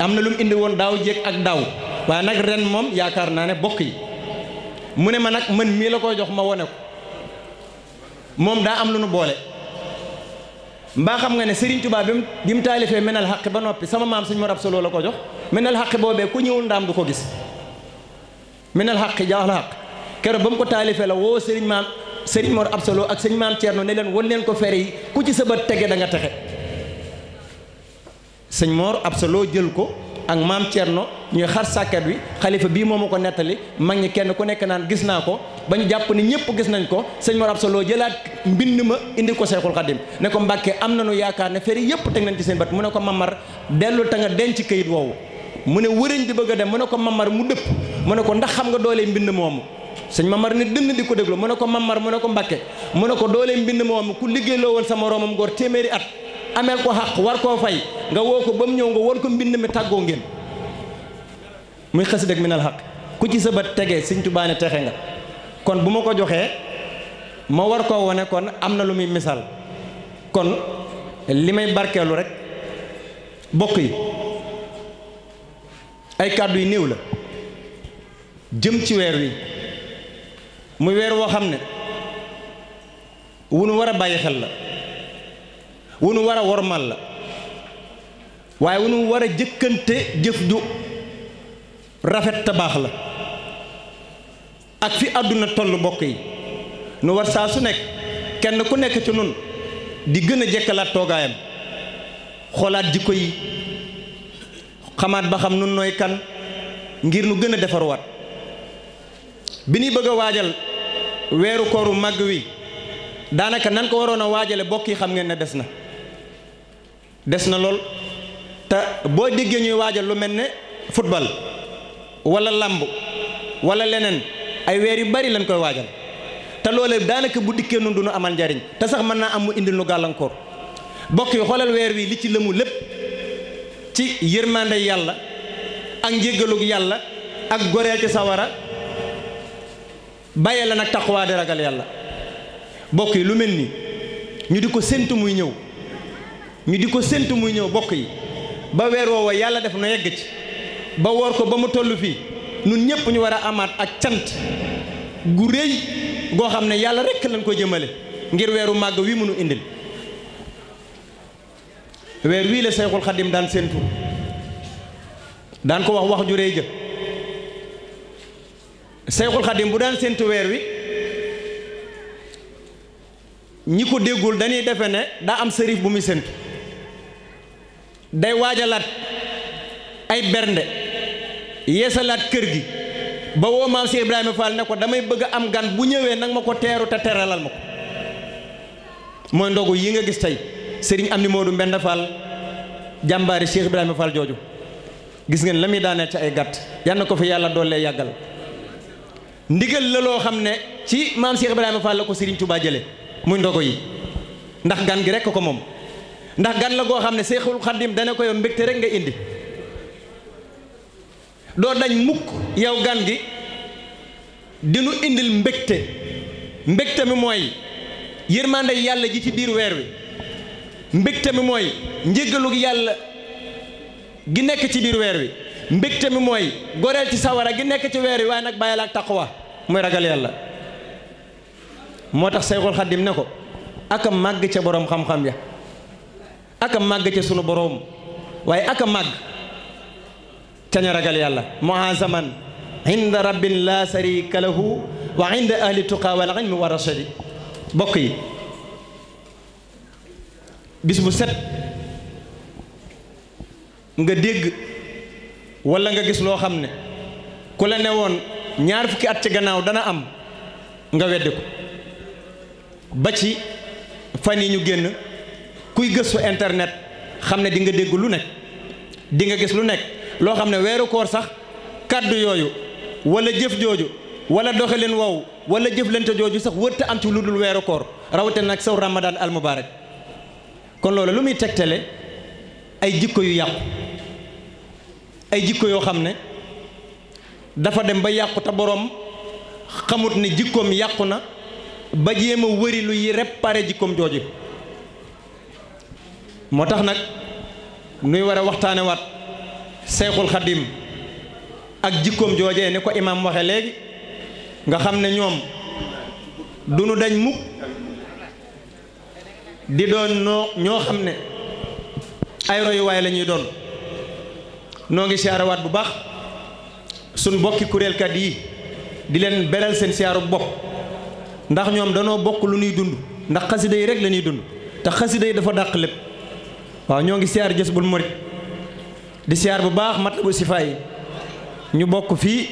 am na lu indi woon daaw jéeg ak daaw waaye nag ren moom yaakaar naa ne bokk yi mu ne ma nag man mii la ko jox ma wone ko moom daa am lu nu boole mbaa xam nga ne sëriñ Touba bi mu mu taalifee menal xaq ba noppi sama maam suñ ma rab solo la ko jox menal xaq boobee ku ñëwul ndaam du ko gis menal xaq jaaxal xaq keroog ba mu ko taalifee la woo Serigne maam Serigne Mor Absolo ak sëñ maam Thierno ne leen won leen ko fere yi ku ci sa bët tege da nga texe sëñ Mor Absolo jël ko. ak maam Thierno ñuy xar sàkkat wi xalifa bii moom ma ko nettali mag ñi kenn ku nekk naan gis naa ko ba ñu jàpp ni ñëpp gis nañ ko sëñ Mor Absa Lo jëlaat mbind ma indi ko Seexul Xadim ne ko Mbàkke am nañu yaakaar ne feri yëpp teg nañ ci seen bët mu ne ko Mamar dellu ta nga denc kayit woowu mu ne wëriñ di bëgg a dem mu ne ko Mamar mu dëpp mu ne ko ndax xam nga doolee mbind moomu sëñ Mamar ni dënd di ko déglu mu ne ko Mamar mu ne ko Mbàkke mu ne ameel ko xaq war koo fay nga woo ko ba mu ñëw nga war ko mbind mi tàggoo ngeen muy xasida ak minal xaq ku ci sa bët tegee sëñ Tuubaa texe nga kon bu ma ko joxee ma war koo wane kon am na lu muy misaal kon li may barkeelu rek bokk yi ay kàddu yu néew la jëm ci weer wi muy weer woo xam ne wu nu war a bàyyi xel la wu nu war a wormal la waaye wu nu war a jëkkante jëf ju rafet te la ak fi àdduna toll bokk yi nu war saa su nekk kenn ku nekk ci nun di gën a jekkalaat toogaayam xoolaat jikko yi xamaat ba xam nun nooy kan ngir nu gën a defarwaat bi nuy bëgg a waajal weeru kooru màgg wi daanaka nan ko waroon a waajale bokk yi xam ngeen ne des na des na lool te boo déggee ñuy waajal lu mel ne football wala làmb wala leneen ay weer yu bari lañ koy waajal te loolee daanaka bu dikkee nun du amal njariñ te sax mën naa am mu indil nu gàllankoor bokk yi xoolal weer wi li ci lëmu lépp ci yërmande yàlla ak njéggalug yàlla ak goreel ci sawara bàyyee la nag taqwaa di ragal yàlla bokk yi lu mel ni ñu di ko séntu muy ñëw ñu di ko séntu muy ñëw bokk yi ba weer woowa yàlla def na yegg ci ba woor ko ba mu toll fii nun ñëpp ñu war a amaat ak cant gu rëy goo xam ne yàlla rekk lañ ko jëmale ngir weeru màgg wi mënu indil weer wii la Seexul Xadim daan séntu daan ko wax wax ju rëy jë Seexul Xadim bu daan séntu weer wi ñi ko déggul dañuy defe ne daa am sërif bu muy séntu day waajalaat ay bernde yeesalaat kër gi ba woo maam si Ibrahima Fall ne ko damay bëgg a am gan bu ñëwee nag ma ko teeru te teralal ma ko mooy ndogu yi nga gis tey sëriñ am ni Modou Mbenda Fall jàmbaari Cheikh Ibrahima Fall jooju gis ngeen la muy daaneel ci ay gàtt yal ko fi yàlla doolee yàggal ndigal la loo xam ne ci maam Cheikh Ibrahima Fall la ko sëriñ Touba jële muy ndogo yi ndax gan gi rekk ko moom ndax gan la goo xam ne seexul xaddim dana ko yow mbégte rek nga indi doo dañ mukk yow gan gi dinu indil mbégte mbégte mi mooy yërmande yàlla ji ci biir weer wi mbégte mi mooy njéggalug yàlla gi nekk ci biir weer wi mbégte mi mooy goreel ci sawara gi nekk ci weer wi waaye nag bàyyil ak taqwa muy ragal yàlla moo tax Seyxul Xaddim ne ko ak màgg ca boroom xam-xam ya aka màgg ca sunu boroom waaye aka màgg ca ña yàlla muazaman inda rabbin la sharika lahu wa inda ahli tuqa wal ilmi wa rashadi bokk yi bis bu set nga dégg walla nga gis loo xam ne ku la ne woon ñaar fukki at ci gannaaw dana am nga wedd ko ba ci fan yi ñu génn kuy gëstu internet xam ne di nga dégg lu nekk di nga gis lu nekk loo xam ne weeru sax kàddu yooyu wala jëf jooju wala doxalin wow wala jëflante jooju sax wërta am lu dul weeru koor rawatina nag saw ramadan al mubarak kon loolu lu muy tegtale ay jikko yu yàqu ay jikko yoo xam ne dafa dem ba yàqu te boroom xamut ne jikkoom yàqu na ba jéem a wëri lu yi réparé jikkoom jooju moo tax nag nuy war a waxtaane waat seexul xadim ak jikkoom joojee ni ko imaam waxe léegi nga xam ne ñoom du nu dañ mukk di doon ñoo xam ne ay royuwaay lañuy doon noo ngi siyaarawaat bu baax suñ bokki kuréelkat yi di leen beral seen siyaaru bopp ndax ñoom danoo bokk lu nuy dund ndax xasida yi rek la dund te xasida yi dafa dàq lépp waaw ñoo ngi siyaar jës bul murit di siyaar bu baax matlabu sifa yi ñu bokk fii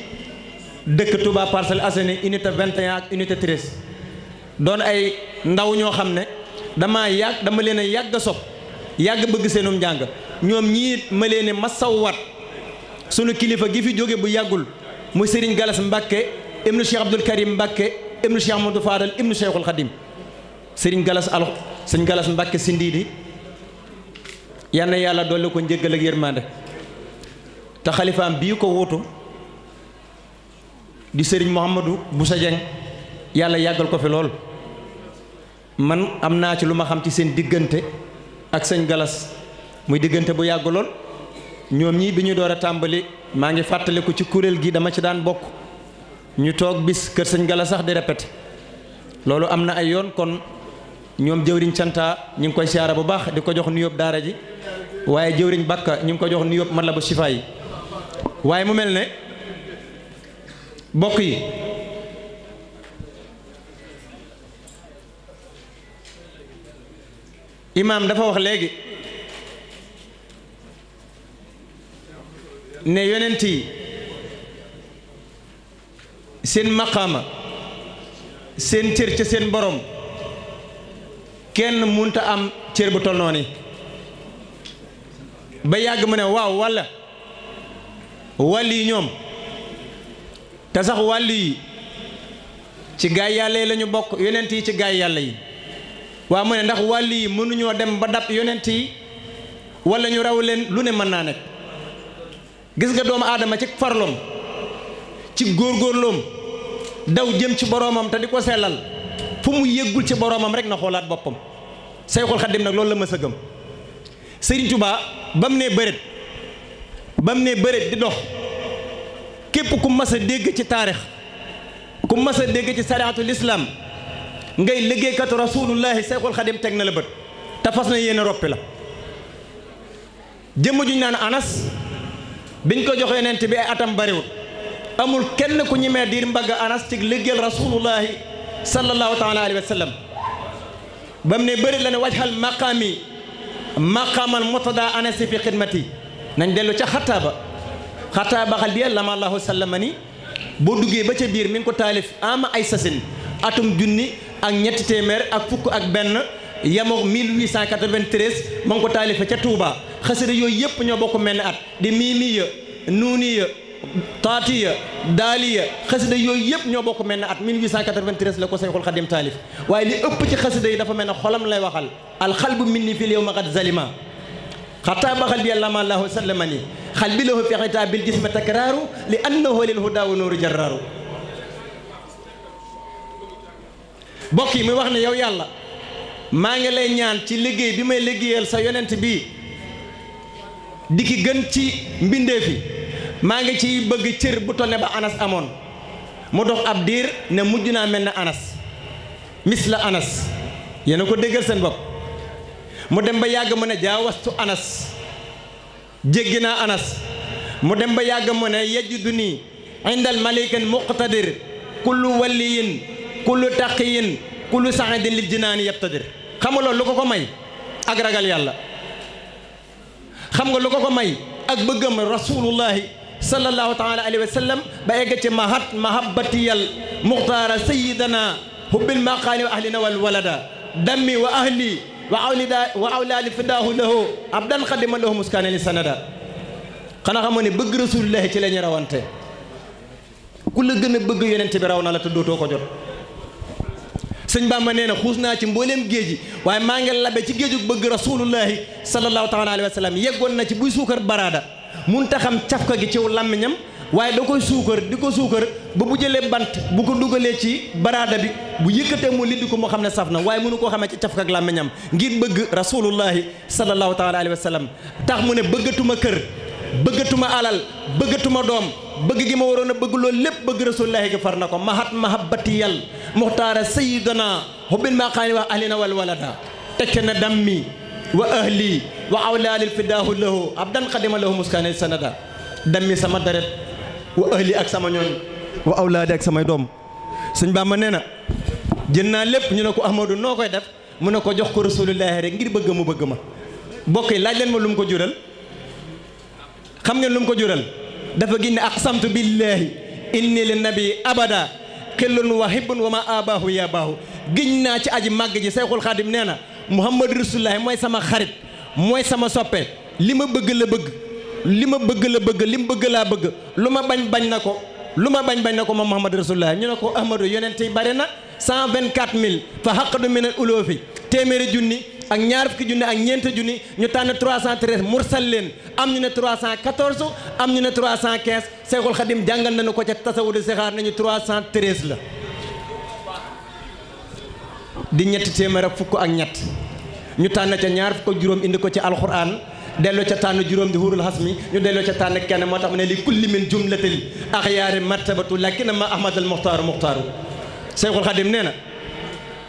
dëkk tubaab Parcelles Assainies unité 21 ak unité 13 doon ay ndaw ñoo xam ne dama yàgg dama leen a yàgg a sopp yàgg bëgg seenum njàng ñoom ñii ma leen ma sawwat sunu kilifa gi fi jóge bu yàggul muy Serigne Galas Mbacke ibnu Cheikh Abdoul Karim Mbacke ibnu Cheikh Amadou Fadal ibnu Cheikhul Khadim Serigne Galas alo Serigne Galas Mbacke Sindidi yal na yàlla dolli ko njëggal ak yërmande te xalifaam bii ko wuutu di sëriñ Mouhamadou Boussa Dieng yàlla yàggal ko fi lool man am naa ci lu ma xam ci seen diggante ak sëñ Galas muy diggante bu yàgg lool ñoom ñii bi ñu door a tàmbali maa ngi fàttaliku ci kuréel gi dama ci daan bokk ñu toog bis kër sëñ Galas sax di répété loolu am na ay yoon kon ñoom jëwriñ santaa ñu ngi koy siyaara bu baax di ko jox nuyóob daara ji waaye jëwriñ bakka ñu ngi ko jox nu yóbbu matlabu sifaa yi waaye mu mel ne bokk yi imaam dafa wax léegi ne yonent yi seen maqaama seen cër ca seen borom kenn munta am cër bu tol noonu ba yàgg ma ne waaw walla wàll yi ñoom te sax wàll yi ci gaay yàlla yi la ñu bokk yonent yi ci gaay yàlla yi waa mu ne ndax wàll yi mënuñoo dem ba dab yonent yi walla ñu raw leen lu ne mën naa nekk gis nga doomu aadama ci farloom ci góor góorloom daw jëm ci boroomam te di ko sellal fu mu yëggul ci boroomam rek na xoolaat boppam Sayxul Xaddim nag loolu la mës a gëm sëriñ Touba ba mu nee bëreet ba mu nee bëreet di dox képp ku mas dégg ci taarix ku mas dégg ci sariyaatul islaam ngay liggéeykatu rasuulullahi seexul xadim teg na la bët te fas na yéene roppi la jëmm juñ naan anas biñ ko jox yonent bi ay atam bariwul amul kenn ku ñemee diir mbagg anas ci liggéeyal rasuulullahi sallallahu taala alayhi wa ba mu ne bëri la ne wajhal maqaami maqamal motada anasi fi xidmati nañ dellu ca xataaba xataaba xal bi lama allahu sallama ni boo duggee ba ca biir mi ngi ko taalif ama ay sasin atum junni ak ñetti téeméer ak fukk ak benn yamook 1893 ma ngi ko taalife ca Touba xasida yooyu yëpp ñoo bokk mel ne at di miimiya nuuniya taatiya daaliya xasida yooyu yëpp ñoo bokk mel ne at 1893 la ko Seyxul Xadim taalif waaye li ëpp ci xasida yi dafa mel ne xolam lay waxal alxalbu minni fil yawma qad zalima xataa baxal bi ma allahu sallama ni xal bi lahu fi xitaa bil jisma takraaru li annahu lil huda wa nuuru jarraaru bokk yi muy wax ne yow yàlla maa ngi lay ñaan ci liggéey bi may liggéeyal sa yonent bi di ki gën ci mbindeef yi maa ngi ciy bëgg cër bu tone ne ba anas amoon mu dox ab diir ne mujj naa mel ne anas mis la anas yéena ko déggal seen bopp mu dem ba yàgg mu ne jaawastu anas jéggi naa anas mu dem ba yàgg mu ne yajudu nii indal malikin muqtadir kullu waliyin kullu taqiyin kullu saxidin lil jinaani yabtadir xam nga loolu lu ko ko may ak ragal yàlla xam nga lu ko ko may ak bëggam rasulullahi sallallahu taala alayhi wa sallam ba egg ci mahat mahabbatiyal muxtaara sayidana hubbil maqaani wa ahlina wal walada dammi wa ahli wa awlaali fidaahu lahu abdan xadima lahu muskaane li sanada xanaa xamoo ne bëgg rasulullahi ci la rawante ku la gën bëgg yonent bi raw na la te dootoo ko jot sëñ Bamba nee na xuus naa ci mbooleem géej waaye maa ngi labe ci géejug bëgg rasulullahi sallallahu taala alayhi wa sallam yeggoon na ci buy suukar baraada munta xam cafka gi ciw làmmiñam waaye da koy suukar di ko suukar ba bu jëlee bant bu ko dugalee ci baraada bi bu yëkkatee mu liddi ko moo xam ne saf na waaye mënu koo xamee ci cafka ak làmmiñam ngir bëgg rasulullahi sallallahu taala alayhi wa sallam tax mu ne bëggatuma kër bëggatuma alal bëggatuma doom bëgg gi ma waroon a bëgg loolu lépp bëgg rasulullahi gi far na ko mahat mahabbati yal muxtaara sayidana hubbin ma xaani wax alina wal walada tekke na dammi wa ahli wa awlaalil fidaahu lahu abdan xadima lahu muskaane sanada dammi sama deret wa ahli ak sama ñooñ wa awlaadi ak samay doom sëñ ma nee na jën naa lépp ñu ne ko Ahmadou noo koy def mu ne ko jox ko rasulullahi rek ngir bëgg mu bëgg ma bokk yi laaj leen ma lum ko jural xam ngeen lum ko jural dafa gis ne aqsamtu billahi inni li nabi abada xillun wa hibbun wa ma abaahu ya baahu giñ naa ci aji màgg ji Seyxul Xaadim nee na Muhammad Rasulullah mooy sama xarit mooy sama soppe li ma bëgg la bëgg li ma bëgg la bëgg li mu bëgg laa bëgg lu ma bañ bañ na ko lu ma bañ bañ na ko moom Muhammad Rasulullah ñu ne ko Ahmadu yonent yi bare na cent vingt quatre mille fa xaq du minal uloofi téeméeri junni ak ñaar fukki junni ak ñeent junni ñu tànn trois cent treize mursal leen am ñu ne trois cent quatorze am ñu ne trois cent quinze Seexul Xadim jàngal nañu ko ca tasawudu sixaar nañu trois cent treize la di ñetti téeméer ak fukk ak ñett ñu tànn ca ñaar fukk juróom indi ko ci alxuraan delloo ca tànn juróom di xuurul xas mi ñu delloo ca tànn kenn moo tax mu ne li kulli min jumlatil axyaari martabatu lakin ma ahmadal muxtaaru muxtaaru Seyxul Xadim nee na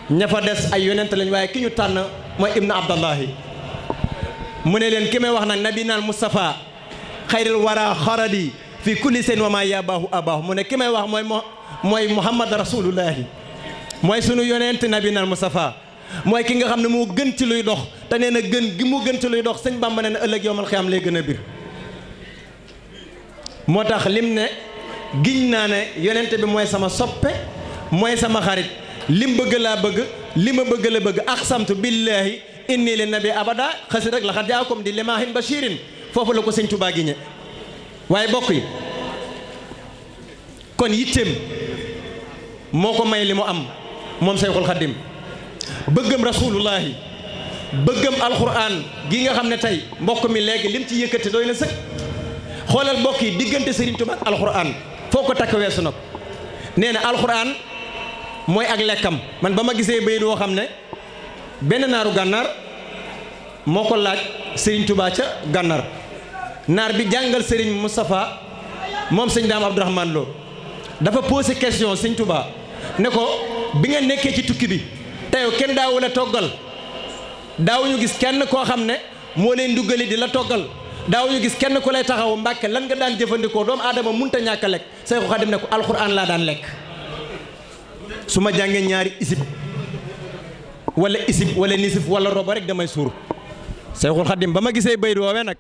ña fa des ay yonent lañ waaye ki ñu tànn mooy ibnu abdallahi mu ne leen ki may wax na nabi naan moustapha xayril wara xaradi fi kulli seen wa ma baaxu abaahu mu ne ki may wax mooy mooy muhammad rasulullahi mooy sunu yonent nabinal Mustafa mooy ki nga xam ne moo gën ci luy dox te nee na gën gi mu gën ci luy dox sañ Bàmba nee na ëllëg yowmal xiyaam lay gën a bir moo tax lim ne giñ naa ne yonent bi mooy sama soppe mooy sama xarit lim bëgg laa bëgg li ma bëgg la bëgg aqsamtu billaahi inni li nabi abada xasi rek laxat jaakum di limaahin bashirin foofu la ko sëñ Tuubaa giñe waaye bokk yi kon yitteem moo ko may li mu am moom Seexul Xaddim bëggam rasulullahi bëggam alquran gi nga xam ne tey mbokk mi léegi lim ci yëkkati dooy na sëkk xoolal mbokk yi diggante sëriñ Touba ak alquran foo ko takk weesu nag nee na alquran mooy ak lekkam man ba ma gisee bayit woo xam ne benn naaru gànnaar moo ko laaj sëriñ tubaa ca gànnaar naar bi jàngal Serigne Moustapha moom sëñ Daam Abdourahmane Lo dafa posé question Serigne Touba. ne ko bi ngeen nekkee ci tukki bi teyoo kenn daawu la toggal daawuñu gis kenn koo xam ne moo leen duggali di la toggal daawuñu gis kenn ku lay taxaw mbàkke lan nga daan jëfandikoo doomu aadama munta ñàkk a lekk Seexu Xadim ne ko alxuraan laa daan lekk su ma jàngee ñaari isib wala isib wala nisif wala roba rek damay suur Seexul Xadim ba ma gisee bayit woowee nag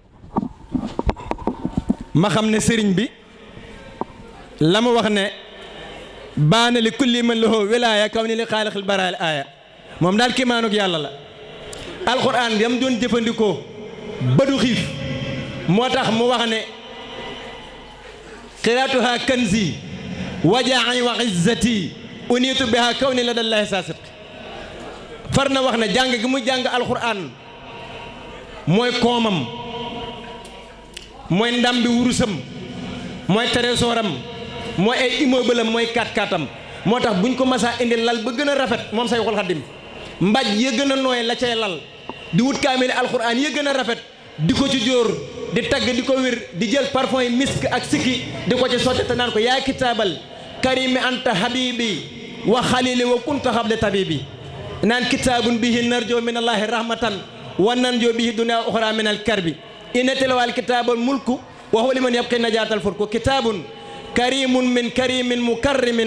ma xam ne sëriñ bi la mu wax ne baana li kulli man lahu wilaaya kaw ni li xaalixil baraal aaya moom daal kiimaanug yàlla la alxuraan bi doon jëfandikoo ba xiif moo tax mu wax ne qiraatuha kanzi wajaani wa izzati uniitu biha kaw ni la dallaahi saasiq far na wax ne jàng gi mu jàng alxuraan mooy koomam mooy ndam bi wurusam mooy trésoram mooy ay immeuble am mooy kaat kaatam moo tax buñ ko masaa indi lal ba gën a rafet moom Sayxul Xaddim mbaj ya gën a nooy la cay lal di wut kaamil alxuraan ya gën a rafet di ko ci jóor di tagg di ko wér di jël parfum yi misk ak sikki di ko ci sotti te naan ko yaa kitaabal karimi anta habibi wa xalili wa kunta xable tabibi naan kitaabun bihi narjo min allahi rahmatan wa nanjo bihi dunia oxra min al karbi ina tilawal kitaabal mulku wa huwa liman yabqi najaatal furku kitaabun كريم من كريم مكرم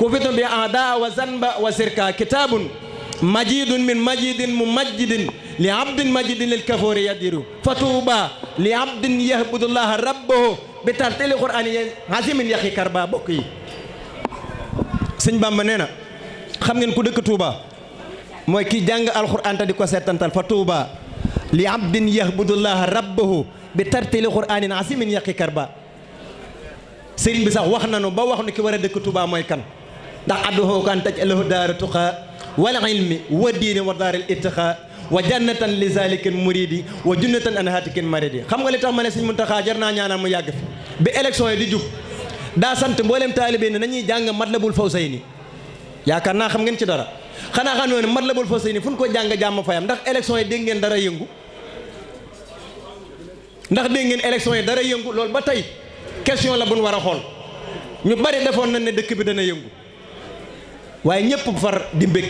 كفت بأعداء وزنب وسركا كتاب مجيد من مجيد ممجد لعبد مجيد للكفور يدير فطوبى لعبد يهبد الله ربه بترتيل القرآن عظيم يخي كربا بقي sëñ Bamba nee na xam ku dëkk Touba mooy ki jàng alxuraan te di ko seetantal fa Touba li abdin yahbudullaha rabbahu bi tartili quraanin asimin yaqi karba sëriñ bi sax wax na nanu ba wax nu ki war a dëkk tubaa mooy kan ndax adduhu kan taj alahu daara tuqaa wal ilmi wa diini wa daaril ittiqaa wa jannatan li zalikin muridi wa junnatan an hatikin maridi xam nga li tax ma ne sëriñ Muntaxa jar naa ñaanal mu yàgg fi bi di jub daa sant mboolem taalibe ne nañuy jàng Matlabul Fawzayni yaakaar naa xam ngeen ci dara xanaa xam ne Matlabul Fawzayni fu ñu ko jàng jàmm fayam ndax élection yi dégg ngeen dara yëngu ndax dégg ngeen élection yi dara yëngu loolu ba tey question la bu ñu war a xool ñu bari defoon nañ ne dëkk bi dana yëngu waaye ñëpp far di mbég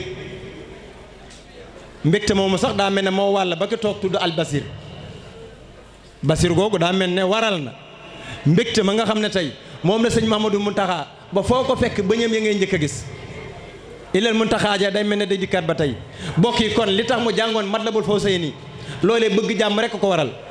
mbégte moomu sax daa mel ne moo wàll ba ki toog tudd albasir basir googu daa mel ne waral na mbégte ma nga xam ne tey moom la sëñ ma mun Muntaxa ba foo ko fekk bëñam ya ngay njëkk a gis ilal Muntaxa ja day mel ne day dikkaat ba tey bokk yi kon li tax mu jàngoon la Matlabul nii loolee bëgg jàmm rek ko waral